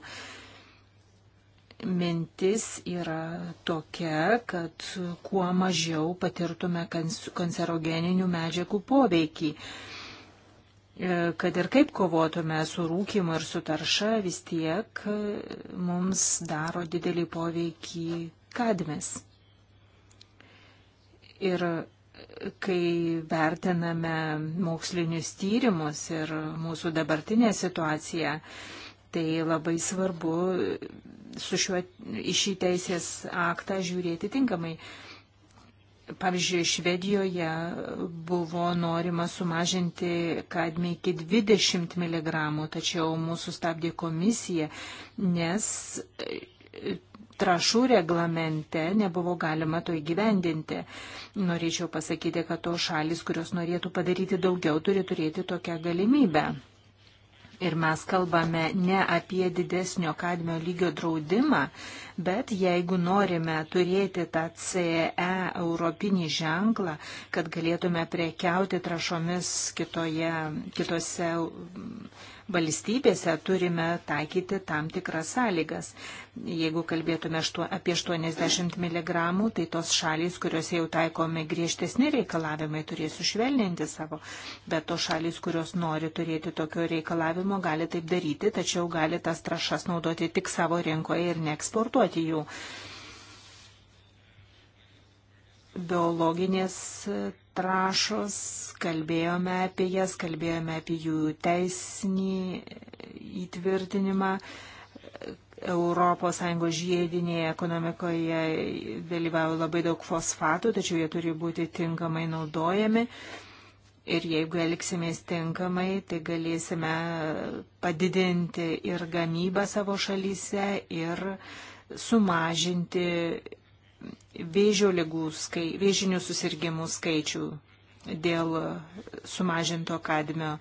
mintis yra tokia, kad kuo mažiau patirtume kancerogeninių medžiagų poveikį. E, kad ir kaip kovotume su rūkimu ir su tarša, vis tiek e, mums daro didelį poveikį kadmes. Ir e, kai vertiname mokslinius tyrimus ir mūsų dabartinę situaciją, Tai labai svarbu su šiuo, į šį teisės aktą žiūrėti tinkamai. Pavyzdžiui, Švedijoje buvo norima sumažinti kadmį iki 20 mg, tačiau mūsų stabdė komisija, nes trašų reglamente nebuvo galima to įgyvendinti. Norėčiau pasakyti, kad tos šalis, kurios norėtų padaryti daugiau, turi turėti tokią galimybę. Ir mes kalbame ne apie didesnio kadmio lygio draudimą, bet jeigu norime turėti tą CE europinį ženklą, kad galėtume prekiauti trašomis kitoje, kitose valstybėse turime taikyti tam tikras sąlygas. Jeigu kalbėtume apie 80 mg, tai tos šalys, kuriuose jau taikomi griežtesni reikalavimai, turės sušvelninti savo, bet tos šalys, kurios nori turėti tokio reikalavimo, gali taip daryti, tačiau gali tas trašas naudoti tik savo rinkoje ir neeksportuoti jų. Biologinės trašos, kalbėjome apie jas, kalbėjome apie jų teisinį įtvirtinimą. ES žiedinėje ekonomikoje dalyvauja labai daug fosfatų, tačiau jie turi būti tinkamai naudojami. Ir jeigu elgsimės tinkamai, tai galėsime padidinti ir gamybą savo šalyse, ir sumažinti vėžio lygų, skai, vėžinių susirgymų skaičių dėl sumažinto kadmio.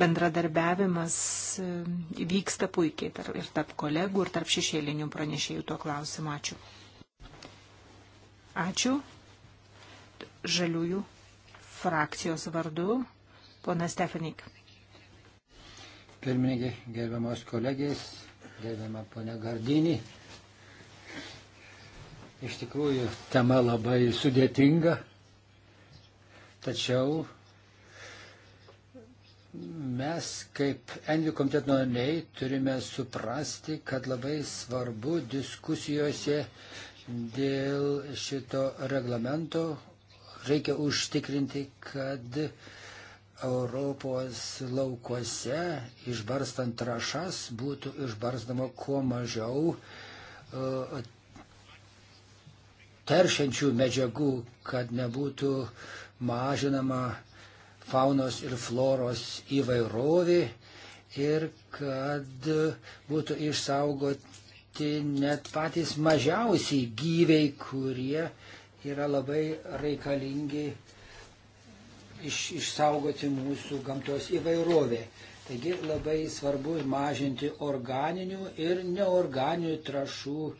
Bendradarbiavimas e, vyksta puikiai ir tarp kolegų, ir tarp šešėlinių pranešėjų tuo klausimu. Ačiū. Ačiū. Žaliųjų frakcijos vardu, pona Stefanik. Pirmininkė, gerbiamos kolegės, gerbiama ponia Gardinį. Iš tikrųjų, tema labai sudėtinga, tačiau mes kaip Envi komiteto nariai turime suprasti, kad labai svarbu diskusijose dėl šito reglamento reikia užtikrinti, kad Europos laukuose išbarstant trašas būtų išbarstama kuo mažiau e, teršiančių medžiagų, kad nebūtų mažinama faunos ir floros įvairovė ir kad būtų išsaugoti net patys mažiausiai gyviai, kurie yra labai reikalingi iš, išsaugoti mūsų gamtos įvairovę. Taigi labai svarbu mažinti organinių ir neorganinių trašų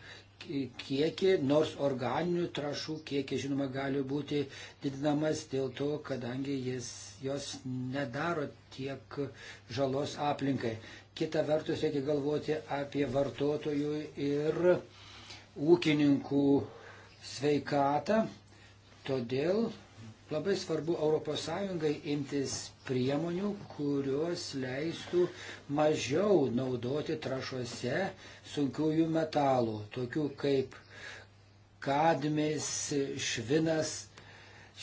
kiekį, nors organinių trašų kiekis, žinoma, gali būti didinamas dėl to, kadangi jis, jos nedaro tiek žalos aplinkai. Kita vertus, reikia galvoti apie vartotojų ir ūkininkų sveikatą, todėl Labai svarbu ES imtis priemonių, kurios leistų mažiau naudoti trašuose sunkiųjų metalų, tokių kaip kadmis, švinas.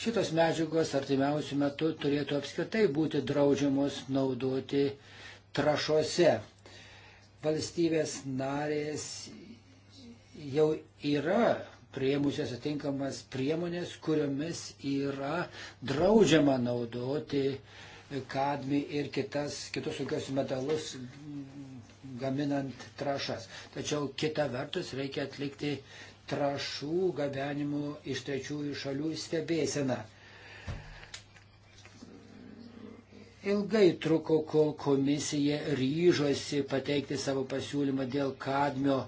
Šitos medžiagos artimiausių metų turėtų apskritai būti draudžiamos naudoti trašuose. Valstybės narės jau yra prieimusios atinkamas priemonės, kuriomis yra draudžiama naudoti kadmi ir kitas, kitus sunkios metalus gaminant trašas. Tačiau kita vertus reikia atlikti trašų gabenimų iš trečiųjų šalių stebėseną. Ilgai truko, kol komisija ryžosi pateikti savo pasiūlymą dėl kadmio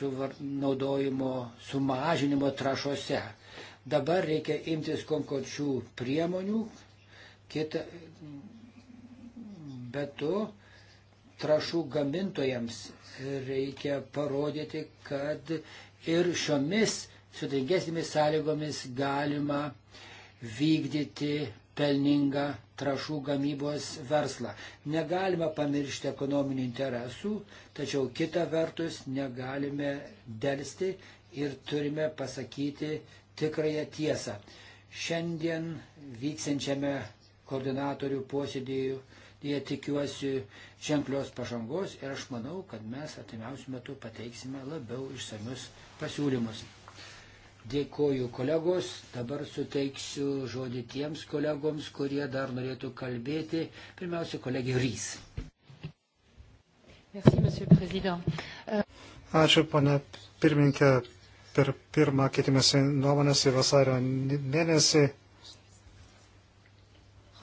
suvar, naudojimo sumažinimo trašose. Dabar reikia imtis konkrečių priemonių, kita, bet to trašų gamintojams reikia parodyti, kad ir šiomis sudėtingesnėmis sąlygomis galima vykdyti pelningą trašų gamybos verslą. Negalime pamiršti ekonominių interesų, tačiau kita vertus negalime dėlsti ir turime pasakyti tikrąją tiesą. Šiandien vyksiančiame koordinatorių posėdėjų jie tikiuosi ženklios pažangos ir aš manau, kad mes atimiausiu metu pateiksime labiau išsamius pasiūlymus. Dėkoju kolegos, dabar suteiksiu žodį tiems kolegoms, kurie dar norėtų kalbėti. Pirmiausia, kolegė Rys. Euh, Ačiū, pana pirmininkė, per pirmą keitimąsi nuomonės į vasario mėnesį.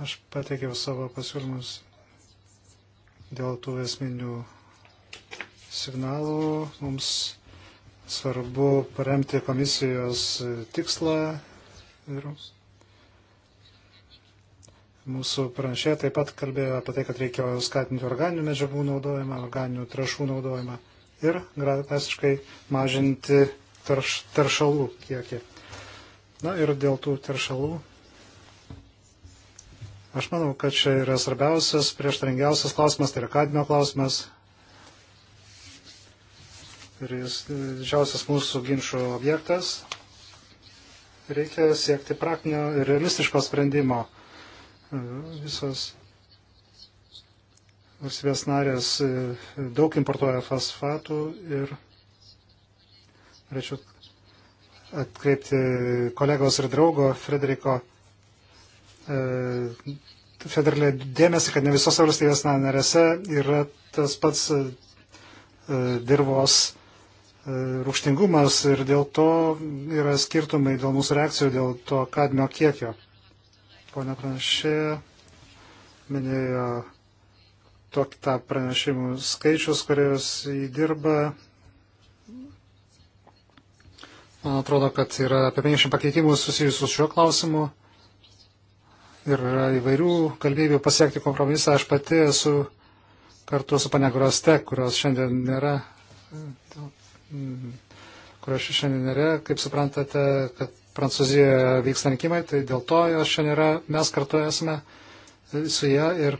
Aš pateikiau savo pasiūlymus dėl tų esminių signalų. Mums Svarbu paremti komisijos tikslą ir Mūsų pranešė taip pat kalbėjo apie tai, kad reikia skatinti organinių medžiagų naudojimą, organinių trašų naudojimą ir gratiškai mažinti tarš, taršalų kiekį. Na ir dėl tų taršalų. Aš manau, kad čia yra svarbiausias, prieštaringiausias klausimas, tai yra kadmio klausimas ir jis didžiausias mūsų ginčių objektas. Reikia siekti praktinio ir realistiško sprendimo. Visos valstybės narės e, daug importuoja fosfatų ir norėčiau atkreipti kolegos ir draugo Frederiko e, federalė dėmesį, kad ne visose valstybės narėse yra tas pats e, dirvos rūkštingumas ir dėl to yra skirtumai dėl mūsų reakcijų, dėl to kadmio kiekio. Pone panašė minėjo tokį tą pranešimų skaičius, kurios įdirba. Man atrodo, kad yra apie 50 pakeitimų susijusių su šiuo klausimu ir yra įvairių galimybių pasiekti kompromisą. Aš pati esu kartu su pane Groste, kurios šiandien nėra Mhm. kur aš šiandien yra, kaip suprantate, kad Prancūzijoje vyksta rinkimai, tai dėl to jos šiandien yra, mes kartu esame su ją ir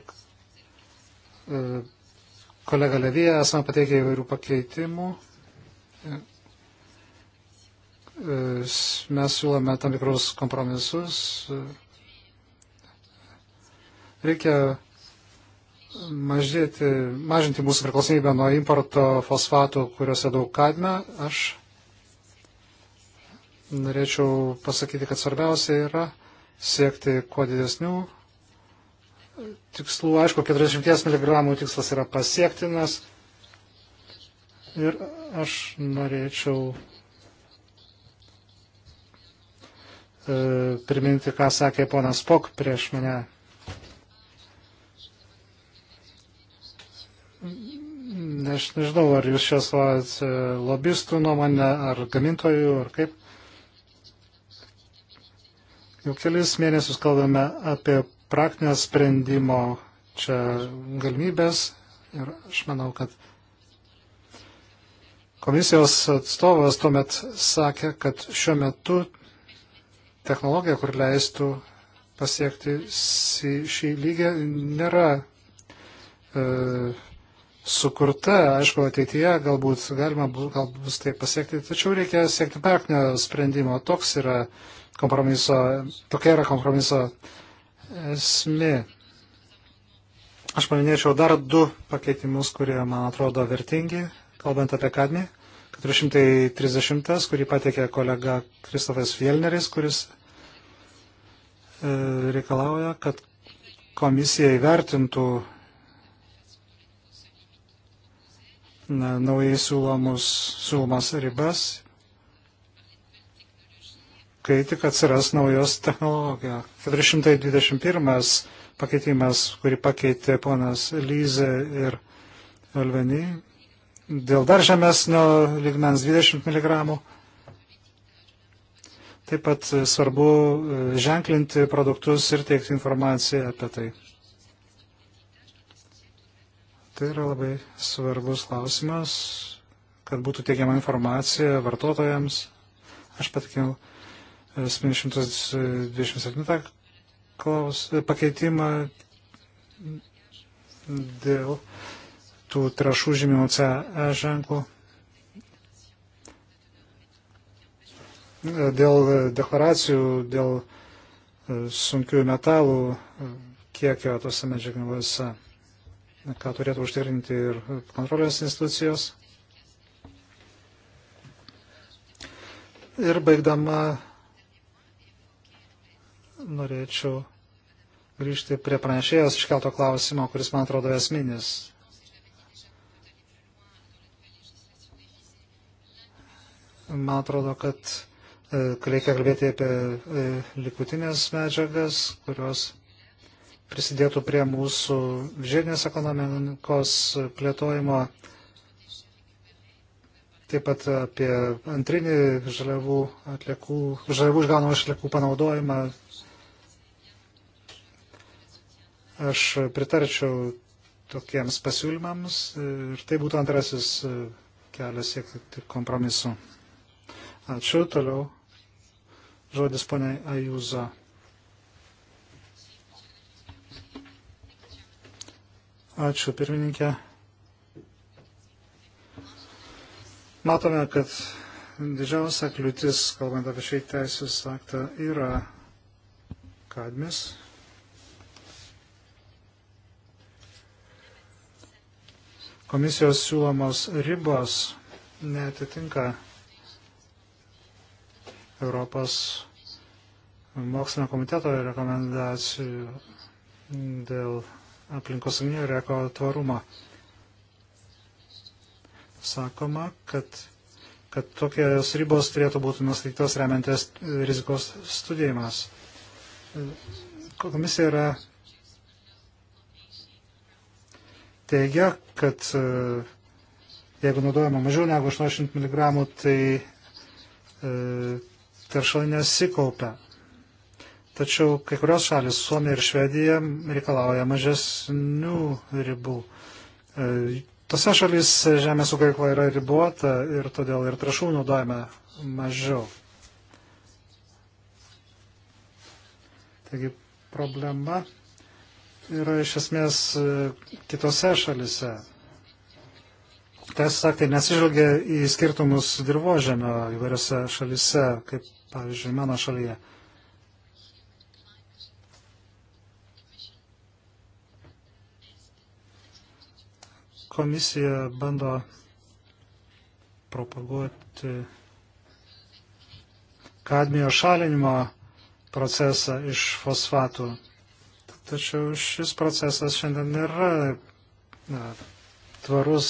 e, kolega Levyje esame pateikę įvairių pakeitimų. E, mes siūlome tam tikrus kompromisus. E, reikia mažėti, mažinti mūsų priklausomybę nuo importo fosfatų, kuriuose daug kadmio, aš norėčiau pasakyti, kad svarbiausia yra siekti kuo didesnių tikslų. Aišku, 40 mg tikslas yra pasiektinas. Ir aš norėčiau e, priminti, ką sakė ponas Pok prieš mane Aš nežinau, ar jūs čia svajat lobistų nuomonę, ar gamintojų, ar kaip. Jau kelis mėnesius kalbame apie praktinę sprendimo čia galimybės ir aš manau, kad komisijos atstovas tuomet sakė, kad šiuo metu technologija, kur leistų pasiekti šį lygį, nėra e, sukurta, aišku, ateityje galbūt galima galbūt bus tai pasiekti, tačiau reikia siekti praktinio sprendimo. Toks yra kompromiso, tokia yra kompromiso esmė. Aš paminėčiau dar du pakeitimus, kurie man atrodo vertingi, kalbant apie kadmį. 430, kurį pateikė kolega Kristofas Fielneris, kuris e, reikalauja, kad komisija įvertintų na, naujai siūlomus, siūlomas ribas, kai tik atsiras naujos technologijos. 421 pakeitimas, kurį pakeitė ponas Lyze ir Alveny, dėl dar žemesnio ligmens 20 mg. Taip pat svarbu e, ženklinti produktus ir teikti informaciją apie tai. Tai yra labai svarbus klausimas, kad būtų teigiama informacija vartotojams. Aš patikiau 727 e, klaus, e, pakeitimą dėl tų trašų žymimų CE ženklų. E, dėl deklaracijų, dėl sunkių metalų kiekio tose medžiaginėse ką turėtų užtikrinti ir kontrolės institucijos. Ir baigdama norėčiau grįžti prie pranešėjos iškelto klausimo, kuris man atrodo esminis. Man atrodo, kad e, reikia kalbėti apie e, likutinės medžiagas, kurios prisidėtų prie mūsų žiedinės ekonomikos plėtojimo, taip pat apie antrinį žaliavų, atliekų, žaliavų išgaunamų atliekų panaudojimą. Aš pritarčiau tokiems pasiūlymams ir tai būtų antrasis kelias siekti kompromisu. Ačiū, toliau. Žodis poniai Ajūzo. Ačiū pirmininkė. Matome, kad didžiausia kliūtis, kalbant apie šį teisės aktą, yra kadmis. Komisijos siūlomos ribos netitinka Europos mokslinio komiteto rekomendacijų dėl aplinkosauginio ir eko tvarumo. Sakoma, kad, kad tokios ribos turėtų būti nustatytos remiantis rizikos studijimas. Komisija yra teigia, kad e, jeigu naudojama mažiau negu 80 mg, tai e, teršalai nesikaupia. Tačiau kai kurios šalis, Suomija ir Švedija, reikalauja mažesnių ribų. E, tose šalis žemės ūkio veikla yra ribota ir todėl ir trašų naudojame mažiau. Taigi problema yra iš esmės e, kitose šalise. Teisės aktai nesižvelgia į skirtumus dirbožėmio įvairiose šalise, kaip pavyzdžiui mano šalyje. komisija bando propaguoti kadmijo šalinimo procesą iš fosfatų. Tačiau šis procesas šiandien nėra na, tvarus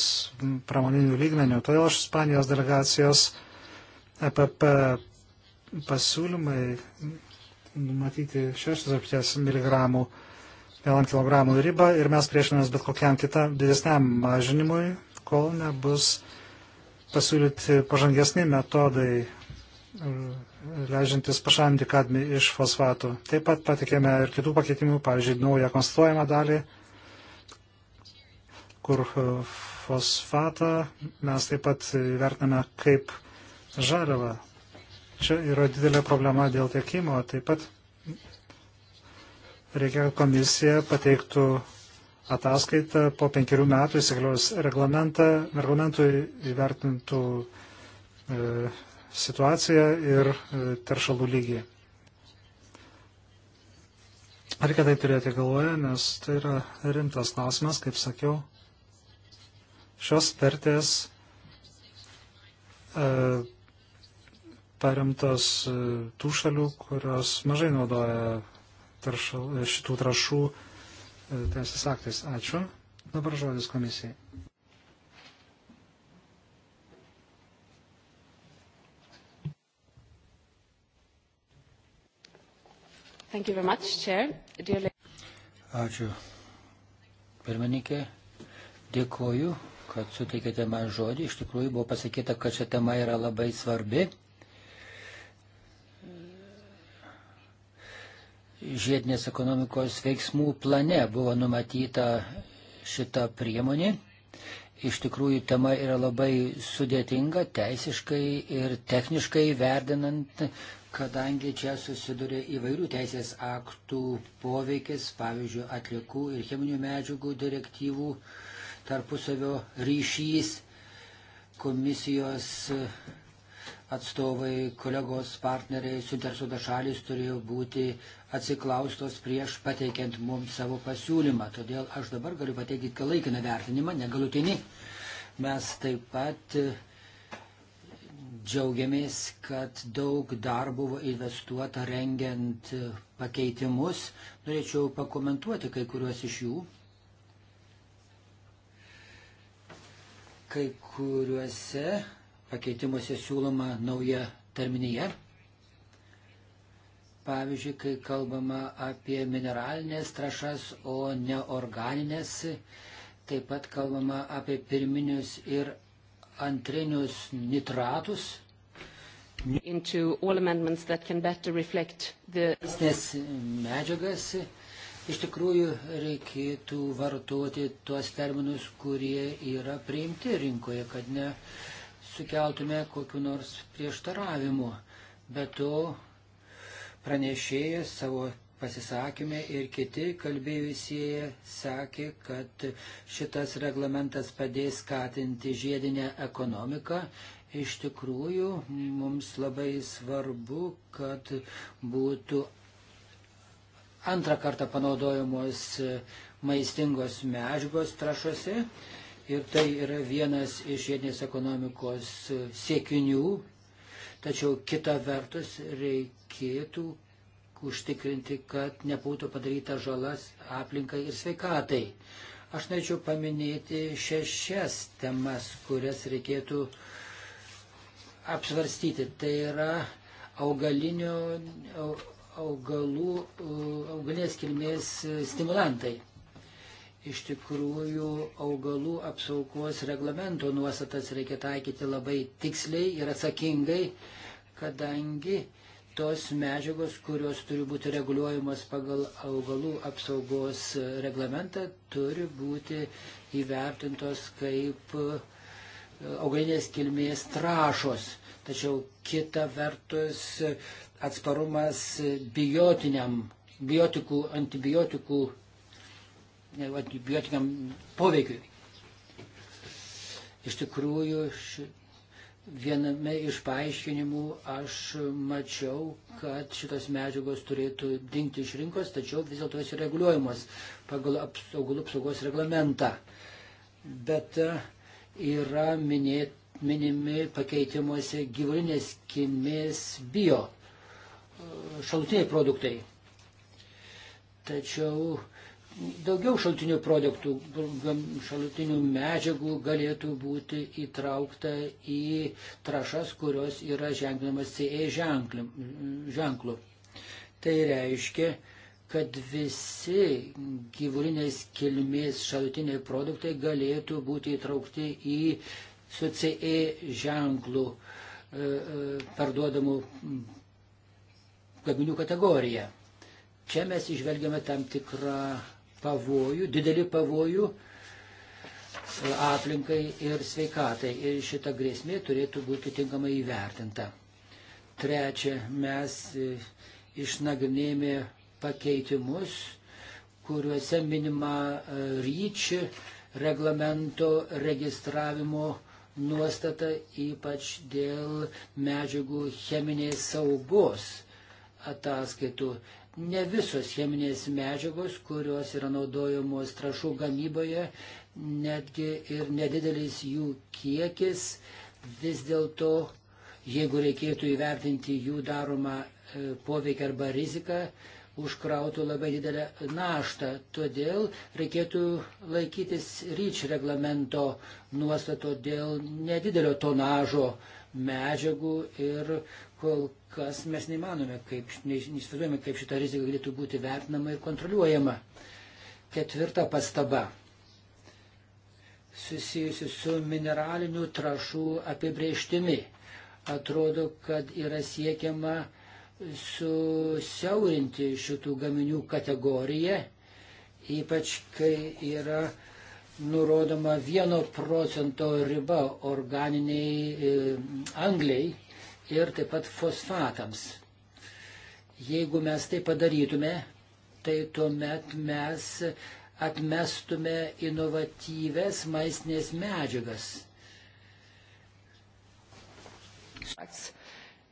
pramoninių lygmenių. Todėl aš Ispanijos delegacijos EPP pasiūlymai numatyti 60 mg 1 kg ribą ir mes priešinamės bet kokiam kitam didesniam mažinimui, kol nebus pasiūlyti pažangesni metodai e, leidžiantis pašalinti kadmį iš fosfatų. Taip pat patikėme ir kitų pakeitimų, pavyzdžiui, naują konstruojamą dalį, kur e, fosfatą mes taip pat vertiname kaip žaliavą. Čia yra didelė problema dėl tiekimo, taip pat Reikia, kad komisija pateiktų ataskaitą po penkerių metų įsigaliojus reglamentui įvertintų e, situaciją ir e, teršalų lygį. Reikia tai turėti galvoje, nes tai yra rimtas klausimas, kaip sakiau. Šios vertės e, paremtos e, tų šalių, kurios mažai naudoja taršal, šitų trašų e, teisės aktais. Ačiū. Dabar žodis komisijai. Thank you very much, Chair. Dear... Ačiū. Pirmininkė, dėkoju, kad suteikėte man žodį. Iš tikrųjų buvo pasakyta, kad ši tema yra labai svarbi. žiedinės ekonomikos veiksmų plane buvo numatyta šita priemonė. Iš tikrųjų, tema yra labai sudėtinga teisiškai ir techniškai verdinant, kadangi čia susiduria įvairių teisės aktų poveikis, pavyzdžiui, atliekų ir cheminių medžiagų direktyvų tarpusavio ryšys, komisijos atstovai, kolegos, partneriai, suinteresuotas šalis turėjo būti atsiklaustos prieš pateikiant mums savo pasiūlymą. Todėl aš dabar galiu pateikti tik laikiną vertinimą, negalutinį. Mes taip pat e, džiaugiamės, kad daug darbo buvo investuota rengiant e, pakeitimus. Norėčiau pakomentuoti kai kuriuos iš jų. Kai kuriuose pakeitimuose siūloma nauja terminija Pavyzdžiui, kai kalbama apie mineralinės trašas, o ne organinės, taip pat kalbama apie pirminius ir antrinius nitratus. The... Nes medžiagas iš tikrųjų reikėtų vartoti tuos terminus, kurie yra priimti rinkoje, kad nesukeltume kokiu nors prieštaravimu. Be to, pranešėjas savo pasisakymė ir kiti kalbėjusieji sakė, kad šitas reglamentas padės skatinti žiedinę ekonomiką. Iš tikrųjų, mums labai svarbu, kad būtų antrą kartą panaudojamos maistingos medžiagos trašose. Ir tai yra vienas iš žiedinės ekonomikos siekinių. Tačiau kita vertus reikia reikėtų užtikrinti, kad nebūtų padaryta žalas aplinkai ir sveikatai. Aš norėčiau paminėti šešias temas, kurias reikėtų apsvarstyti. Tai yra augalinio, augalų, augalinės kilmės stimulantai. Iš tikrųjų, augalų apsaugos reglamento nuostatas reikia taikyti labai tiksliai ir atsakingai, kadangi tos medžiagos, kurios turi būti reguliuojamos pagal augalų apsaugos reglamentą, turi būti įvertintos kaip e, augalinės kilmės trašos. Tačiau kita vertus atsparumas biotiniam, biotikų, antibiotikų, ne, antibiotikam poveikiui. Iš tikrųjų, ši, Viename iš paaiškinimų aš mačiau, kad šitos medžiagos turėtų dingti iš rinkos, tačiau vis dėlto jos yra reguliuojamos pagal augalų apsaugos reglamentą. Bet e, yra minėt, minimi pakeitimuose gyvulinės kilmės bio e, šalutiniai produktai. Tačiau daugiau šaltinių produktų, šaltinių medžiagų galėtų būti įtraukta į trašas, kurios yra ženklinamas CE ženklu. Tai reiškia, kad visi gyvulinės kilmės šaltiniai produktai galėtų būti įtraukti į su CE ženklu e, e, parduodamų gaminių kategoriją. Čia mes išvelgiame tam tikrą pavojų, didelį pavojų e, aplinkai ir sveikatai. Ir šita grėsmė turėtų būti tinkamai įvertinta. Trečia, mes e, išnagrinėjome pakeitimus, kuriuose minima e, ryčių reglamento registravimo nuostata, ypač dėl medžiagų cheminės saugos ataskaitų ne visos cheminės medžiagos, kurios yra naudojamos trašų gamyboje, netgi ir nedidelis jų kiekis, vis dėlto, jeigu reikėtų įvertinti jų daromą e, poveikį arba riziką, užkrautų labai didelę naštą. Todėl reikėtų laikytis ryč reglamento nuostato dėl nedidelio tonažo medžiagų ir Kol kas mes neįmanome, kaip, neįsivaizduojame, kaip šita rizika galėtų būti vertinama ir kontroliuojama. Ketvirta pastaba susijusi su mineralinių trašų apibrieštimi. Atrodo, kad yra siekiama susiaurinti šitų gaminių kategoriją, ypač kai yra nurodoma vieno procento riba organiniai e, angliai ir taip pat fosfatams. Jeigu mes tai padarytume, tai tuomet mes atmestume inovatyves maistinės medžiagas.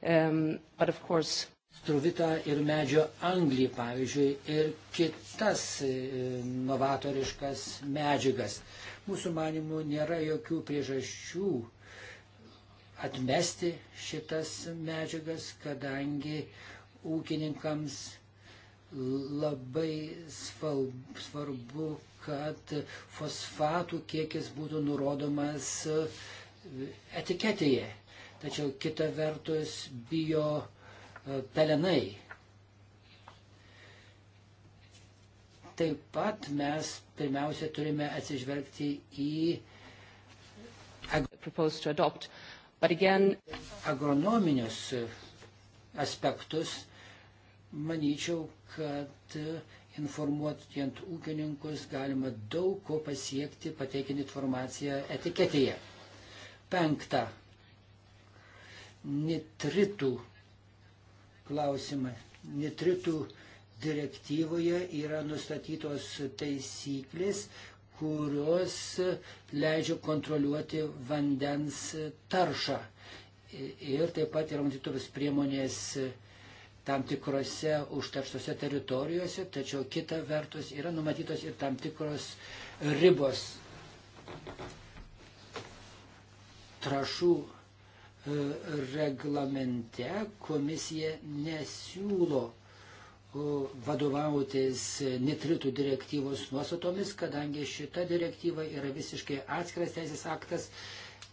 Um, but of course, struvitą ir medžio anglį, pavyzdžiui, ir kitas e, novatoriškas medžiagas. Mūsų manimų nėra jokių priežasčių atmesti šitas medžiagas, kadangi ūkininkams labai svarbu, kad fosfatų kiekis būtų nurodomas etiketėje. Tačiau kita vertus bio e, pelenai. Taip pat mes pirmiausia turime atsižvelgti į Again... Agronominius aspektus, manyčiau, kad informuojant ūkininkus galima daug ko pasiekti, pateikiant informaciją etiketėje. Penkta. Nitritų klausimą. Nitritų direktyvoje yra nustatytos taisyklės, kurios leidžia kontroliuoti vandens taršą. Ir taip pat yra matytos priemonės tam tikrose užterštose teritorijose, tačiau kita vertus yra numatytos ir tam tikros ribos trašų e, reglamente komisija nesiūlo vadovautis nitritų direktyvos nuostatomis, kadangi šita direktyva yra visiškai atskiras teisės aktas.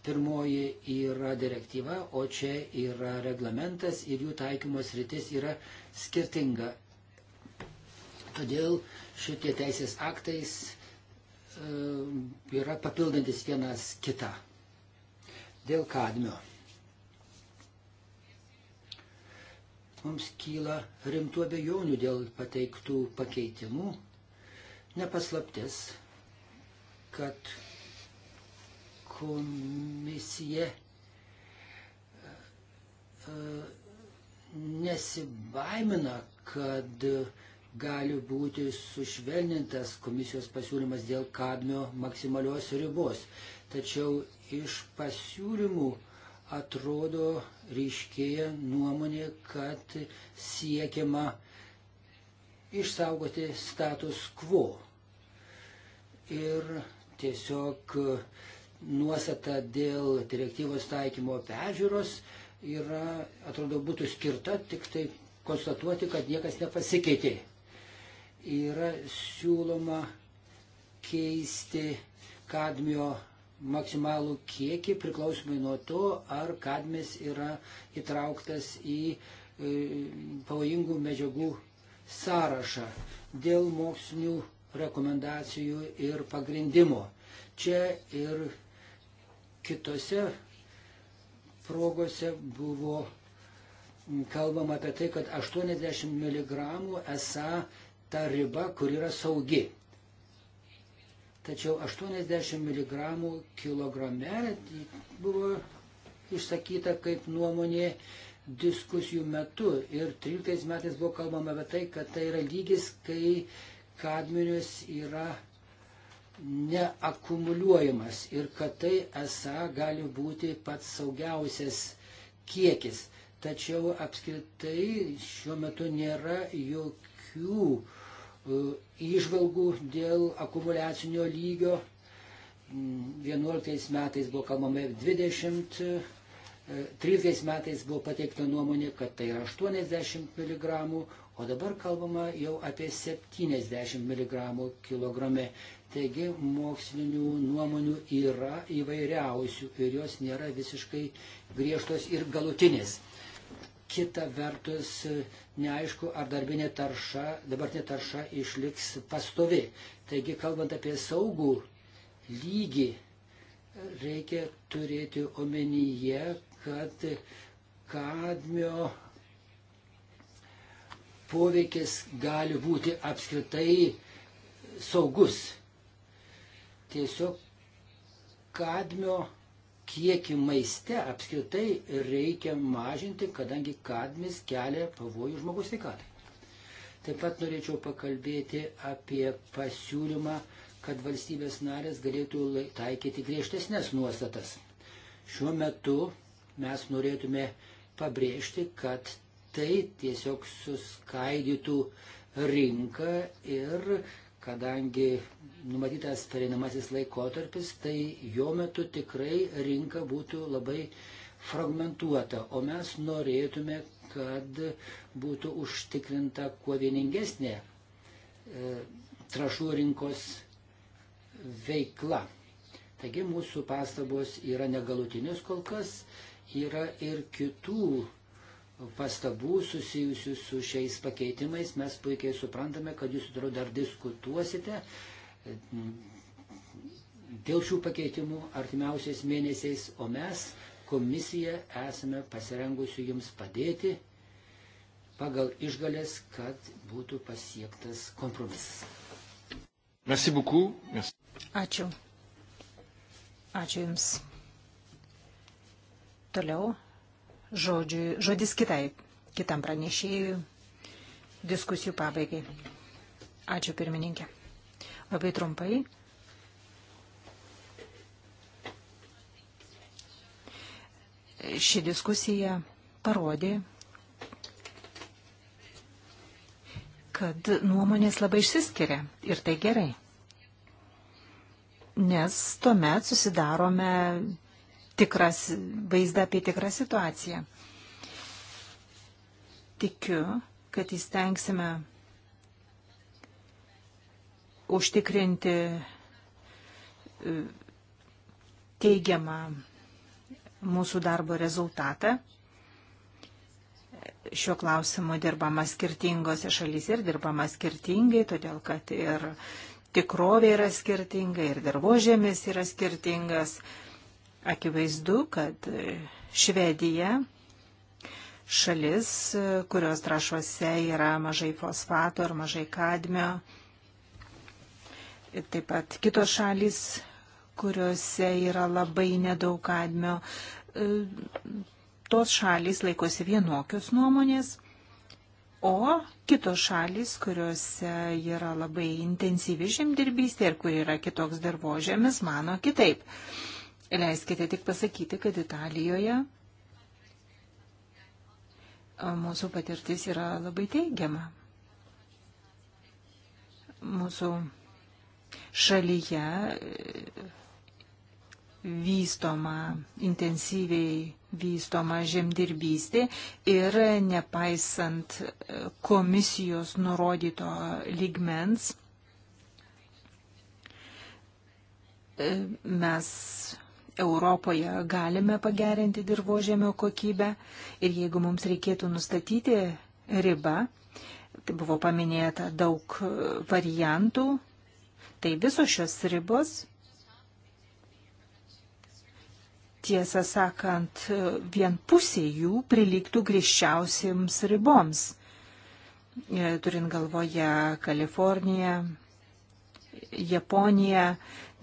Pirmoji yra direktyva, o čia yra reglamentas ir jų taikymos rytis yra skirtinga. Todėl šitie teisės aktais e, yra papildantis vienas kitą. Dėl kadmio. mums kyla rimtų abejonių dėl pateiktų pakeitimų. Nepaslaptis, kad komisija e, nesibaimina, kad gali būti sušvelnintas komisijos pasiūlymas dėl kadmio maksimalios ribos. Tačiau iš pasiūlymų uh, atrodo ryškėja nuomonė, kad siekiama išsaugoti status quo. Ir tiesiog nuostata dėl direktyvos taikymo pežiūros yra, atrodo, būtų skirta tik tai konstatuoti, kad niekas nepasikeitė. Yra siūloma keisti kadmio maksimalų kiekį priklausomai nuo to, ar kadmis yra įtrauktas į e, pavojingų medžiagų sąrašą dėl mokslinių rekomendacijų ir pagrindimo. Čia ir kitose progose buvo kalbama apie tai, kad 80 mg esą ta riba, kur yra saugi. Tačiau 80 mg kilograme buvo išsakyta kaip nuomonė diskusijų metu. Ir 13 metais buvo kalbama apie tai, kad tai yra lygis, kai kadminis yra neakumuliuojamas ir kad tai esą gali būti pats saugiausias kiekis. Tačiau apskritai šiuo metu nėra jokių uh, išvalgų e, dėl akumuliacinio lygio. 11 metais buvo kalbama 20, 13 e, metais buvo pateikta nuomonė, kad tai yra 80 mg, o dabar kalbama jau apie 70 mg kilograme. Taigi mokslinių nuomonių yra įvairiausių ir jos nėra visiškai griežtos ir galutinės kita vertus neaišku, ar darbinė tarša, dabartinė tarša išliks pastovi. Taigi, kalbant apie saugų lygį, reikia turėti omenyje, kad kadmio poveikis gali būti apskritai saugus. Tiesiog kadmio kiekį maiste apskritai reikia mažinti, kadangi kadmis kelia pavojų žmogus sveikatai. Taip pat norėčiau pakalbėti apie pasiūlymą, kad valstybės narės galėtų taikyti griežtesnės nuostatas. Šiuo metu mes norėtume pabrėžti, kad tai tiesiog suskaidytų rinką ir kadangi numatytas pereinamasis laikotarpis, tai jo metu tikrai rinka būtų labai fragmentuota, o mes norėtume, kad būtų užtikrinta kuo vieningesnė e, trašų rinkos veikla. Taigi mūsų pastabos yra negalutinės kol kas, yra ir kitų pastabų susijusių su šiais pakeitimais. Mes puikiai suprantame, kad jūs turiu dar diskutuosite e, dėl šių pakeitimų artimiausiais mėnesiais, o mes komisija esame pasirengusi jums padėti pagal išgalės, kad būtų pasiektas kompromisas. Merci beaucoup. Merci. Ačiū. Ačiū Jums. Toliau žodžiui, žodis kitai, kitam pranešėjui diskusijų pabaigai. Ačiū pirmininkė. Labai trumpai. Ši diskusija parodė, kad nuomonės labai išsiskiria ir tai gerai. Nes tuomet susidarome tikras, vaizdą apie tikrą situaciją. Tikiu, kad įstengsime užtikrinti e, teigiamą mūsų darbo rezultatą. Šiuo klausimu dirbama skirtingose šalyse ir dirbama skirtingai, todėl kad ir tikrovė yra skirtinga, ir dirbožėmis yra skirtingas. Akivaizdu, kad Švedija šalis, kurios trašuose yra mažai fosfato ir mažai kadmio. Ir taip pat kitos šalis, kuriuose yra labai nedaug kadmio. E, tos šalis laikosi vienokios nuomonės, o kitos šalis, kuriuose yra labai intensyvi žemdirbystė ir kur yra kitoks dirbožėmis, mano kitaip. Leiskite tik pasakyti, kad Italijoje mūsų patirtis yra labai teigiama. Mūsų šalyje e, vystoma, intensyviai vystoma žemdirbystė ir nepaisant e, komisijos nurodyto lygmens, e, mes Europoje galime pagerinti dirbožėmio kokybę ir jeigu mums reikėtų nustatyti ribą, tai buvo paminėta daug variantų, tai visos šios ribos, tiesą sakant, vien pusė jų prilygtų grįžčiausiams riboms e, turint galvoje Kaliforniją, Japoniją,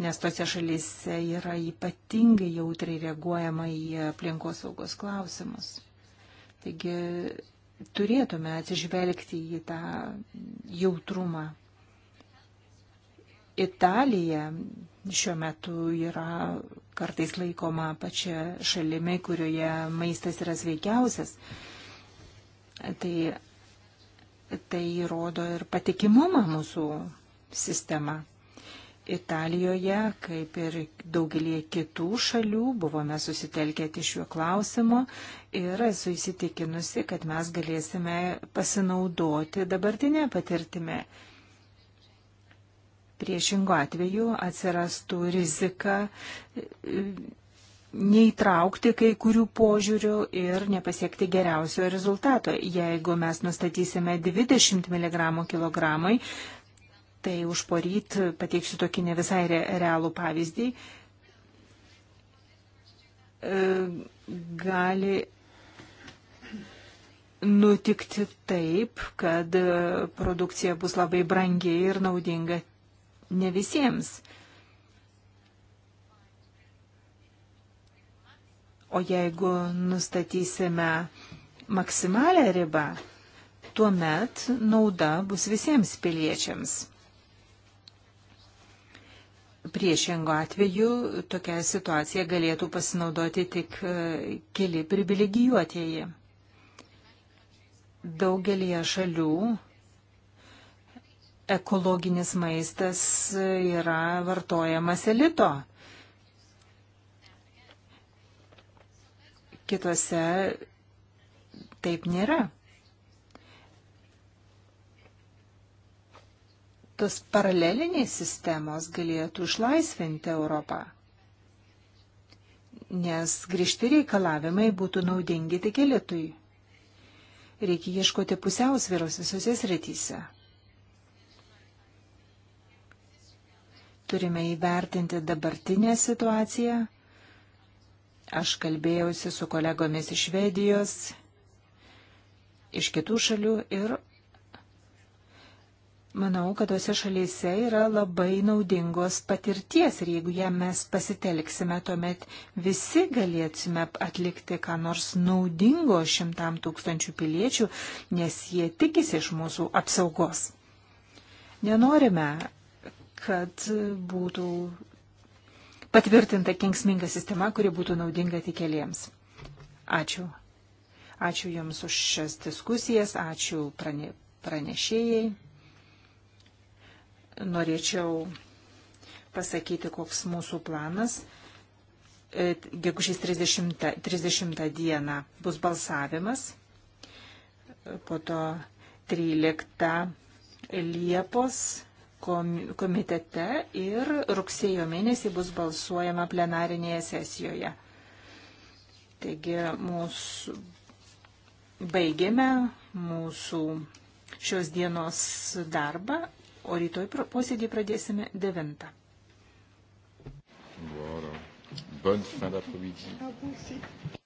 nes tose šalyse yra ypatingai jautriai reaguojama į aplinkosaugos klausimus. Taigi turėtume atsižvelgti į tą jautrumą. Italija šiuo metu yra kartais laikoma pačia šalimi, kurioje maistas yra sveikiausias. Tai tai rodo ir patikimumą mūsų sistema. Italijoje, kaip ir daugelį kitų šalių, buvome susitelkę ties šiuo klausimu ir esu įsitikinusi, kad mes galėsime pasinaudoti dabartinę patirtimę. Priešingo atveju atsirastų rizika e, neįtraukti kai kurių požiūrių ir nepasiekti geriausio rezultato. Jeigu mes nustatysime 20 mg kilogramai, Tai už poryt pateiksiu tokį ne visai re, realų pavyzdį. E, gali nutikti taip, kad produkcija bus labai brangi ir naudinga ne visiems. O jeigu nustatysime maksimalę ribą, tuomet nauda bus visiems piliečiams. Priešingo atveju tokia situacija galėtų pasinaudoti tik e, keli privilegijuotieji. Daugelie šalių ekologinis maistas yra vartojamas elito. Kitose taip nėra. tos paralelinės sistemos galėtų išlaisvinti Europą. Nes grįžti reikalavimai būtų naudingi tik elitui. Reikia ieškoti pusiausvėros visose srityse. Turime įvertinti dabartinę situaciją. Aš kalbėjausi su kolegomis iš Švedijos, iš kitų šalių ir Manau, kad tose šalyse yra labai naudingos patirties ir jeigu ją mes pasitelksime, tuomet visi galėsime atlikti ką nors naudingo šimtam tūkstančių piliečių, nes jie tikisi iš mūsų apsaugos. Nenorime, kad būtų patvirtinta kengsminga sistema, kuri būtų naudinga tik keliems. Ačiū. Ačiū Jums už šias diskusijas, ačiū prane, pranešėjai norėčiau pasakyti, koks mūsų planas. E, gegužės 30, 30 dieną bus balsavimas, e, po to 13 Liepos komitete ir rugsėjo mėnesį bus balsuojama plenarinėje sesijoje. Taigi mūsų baigėme mūsų šios dienos darbą o rytoj posėdį pradėsime 9. Voilà. Bonne fin d'après-midi.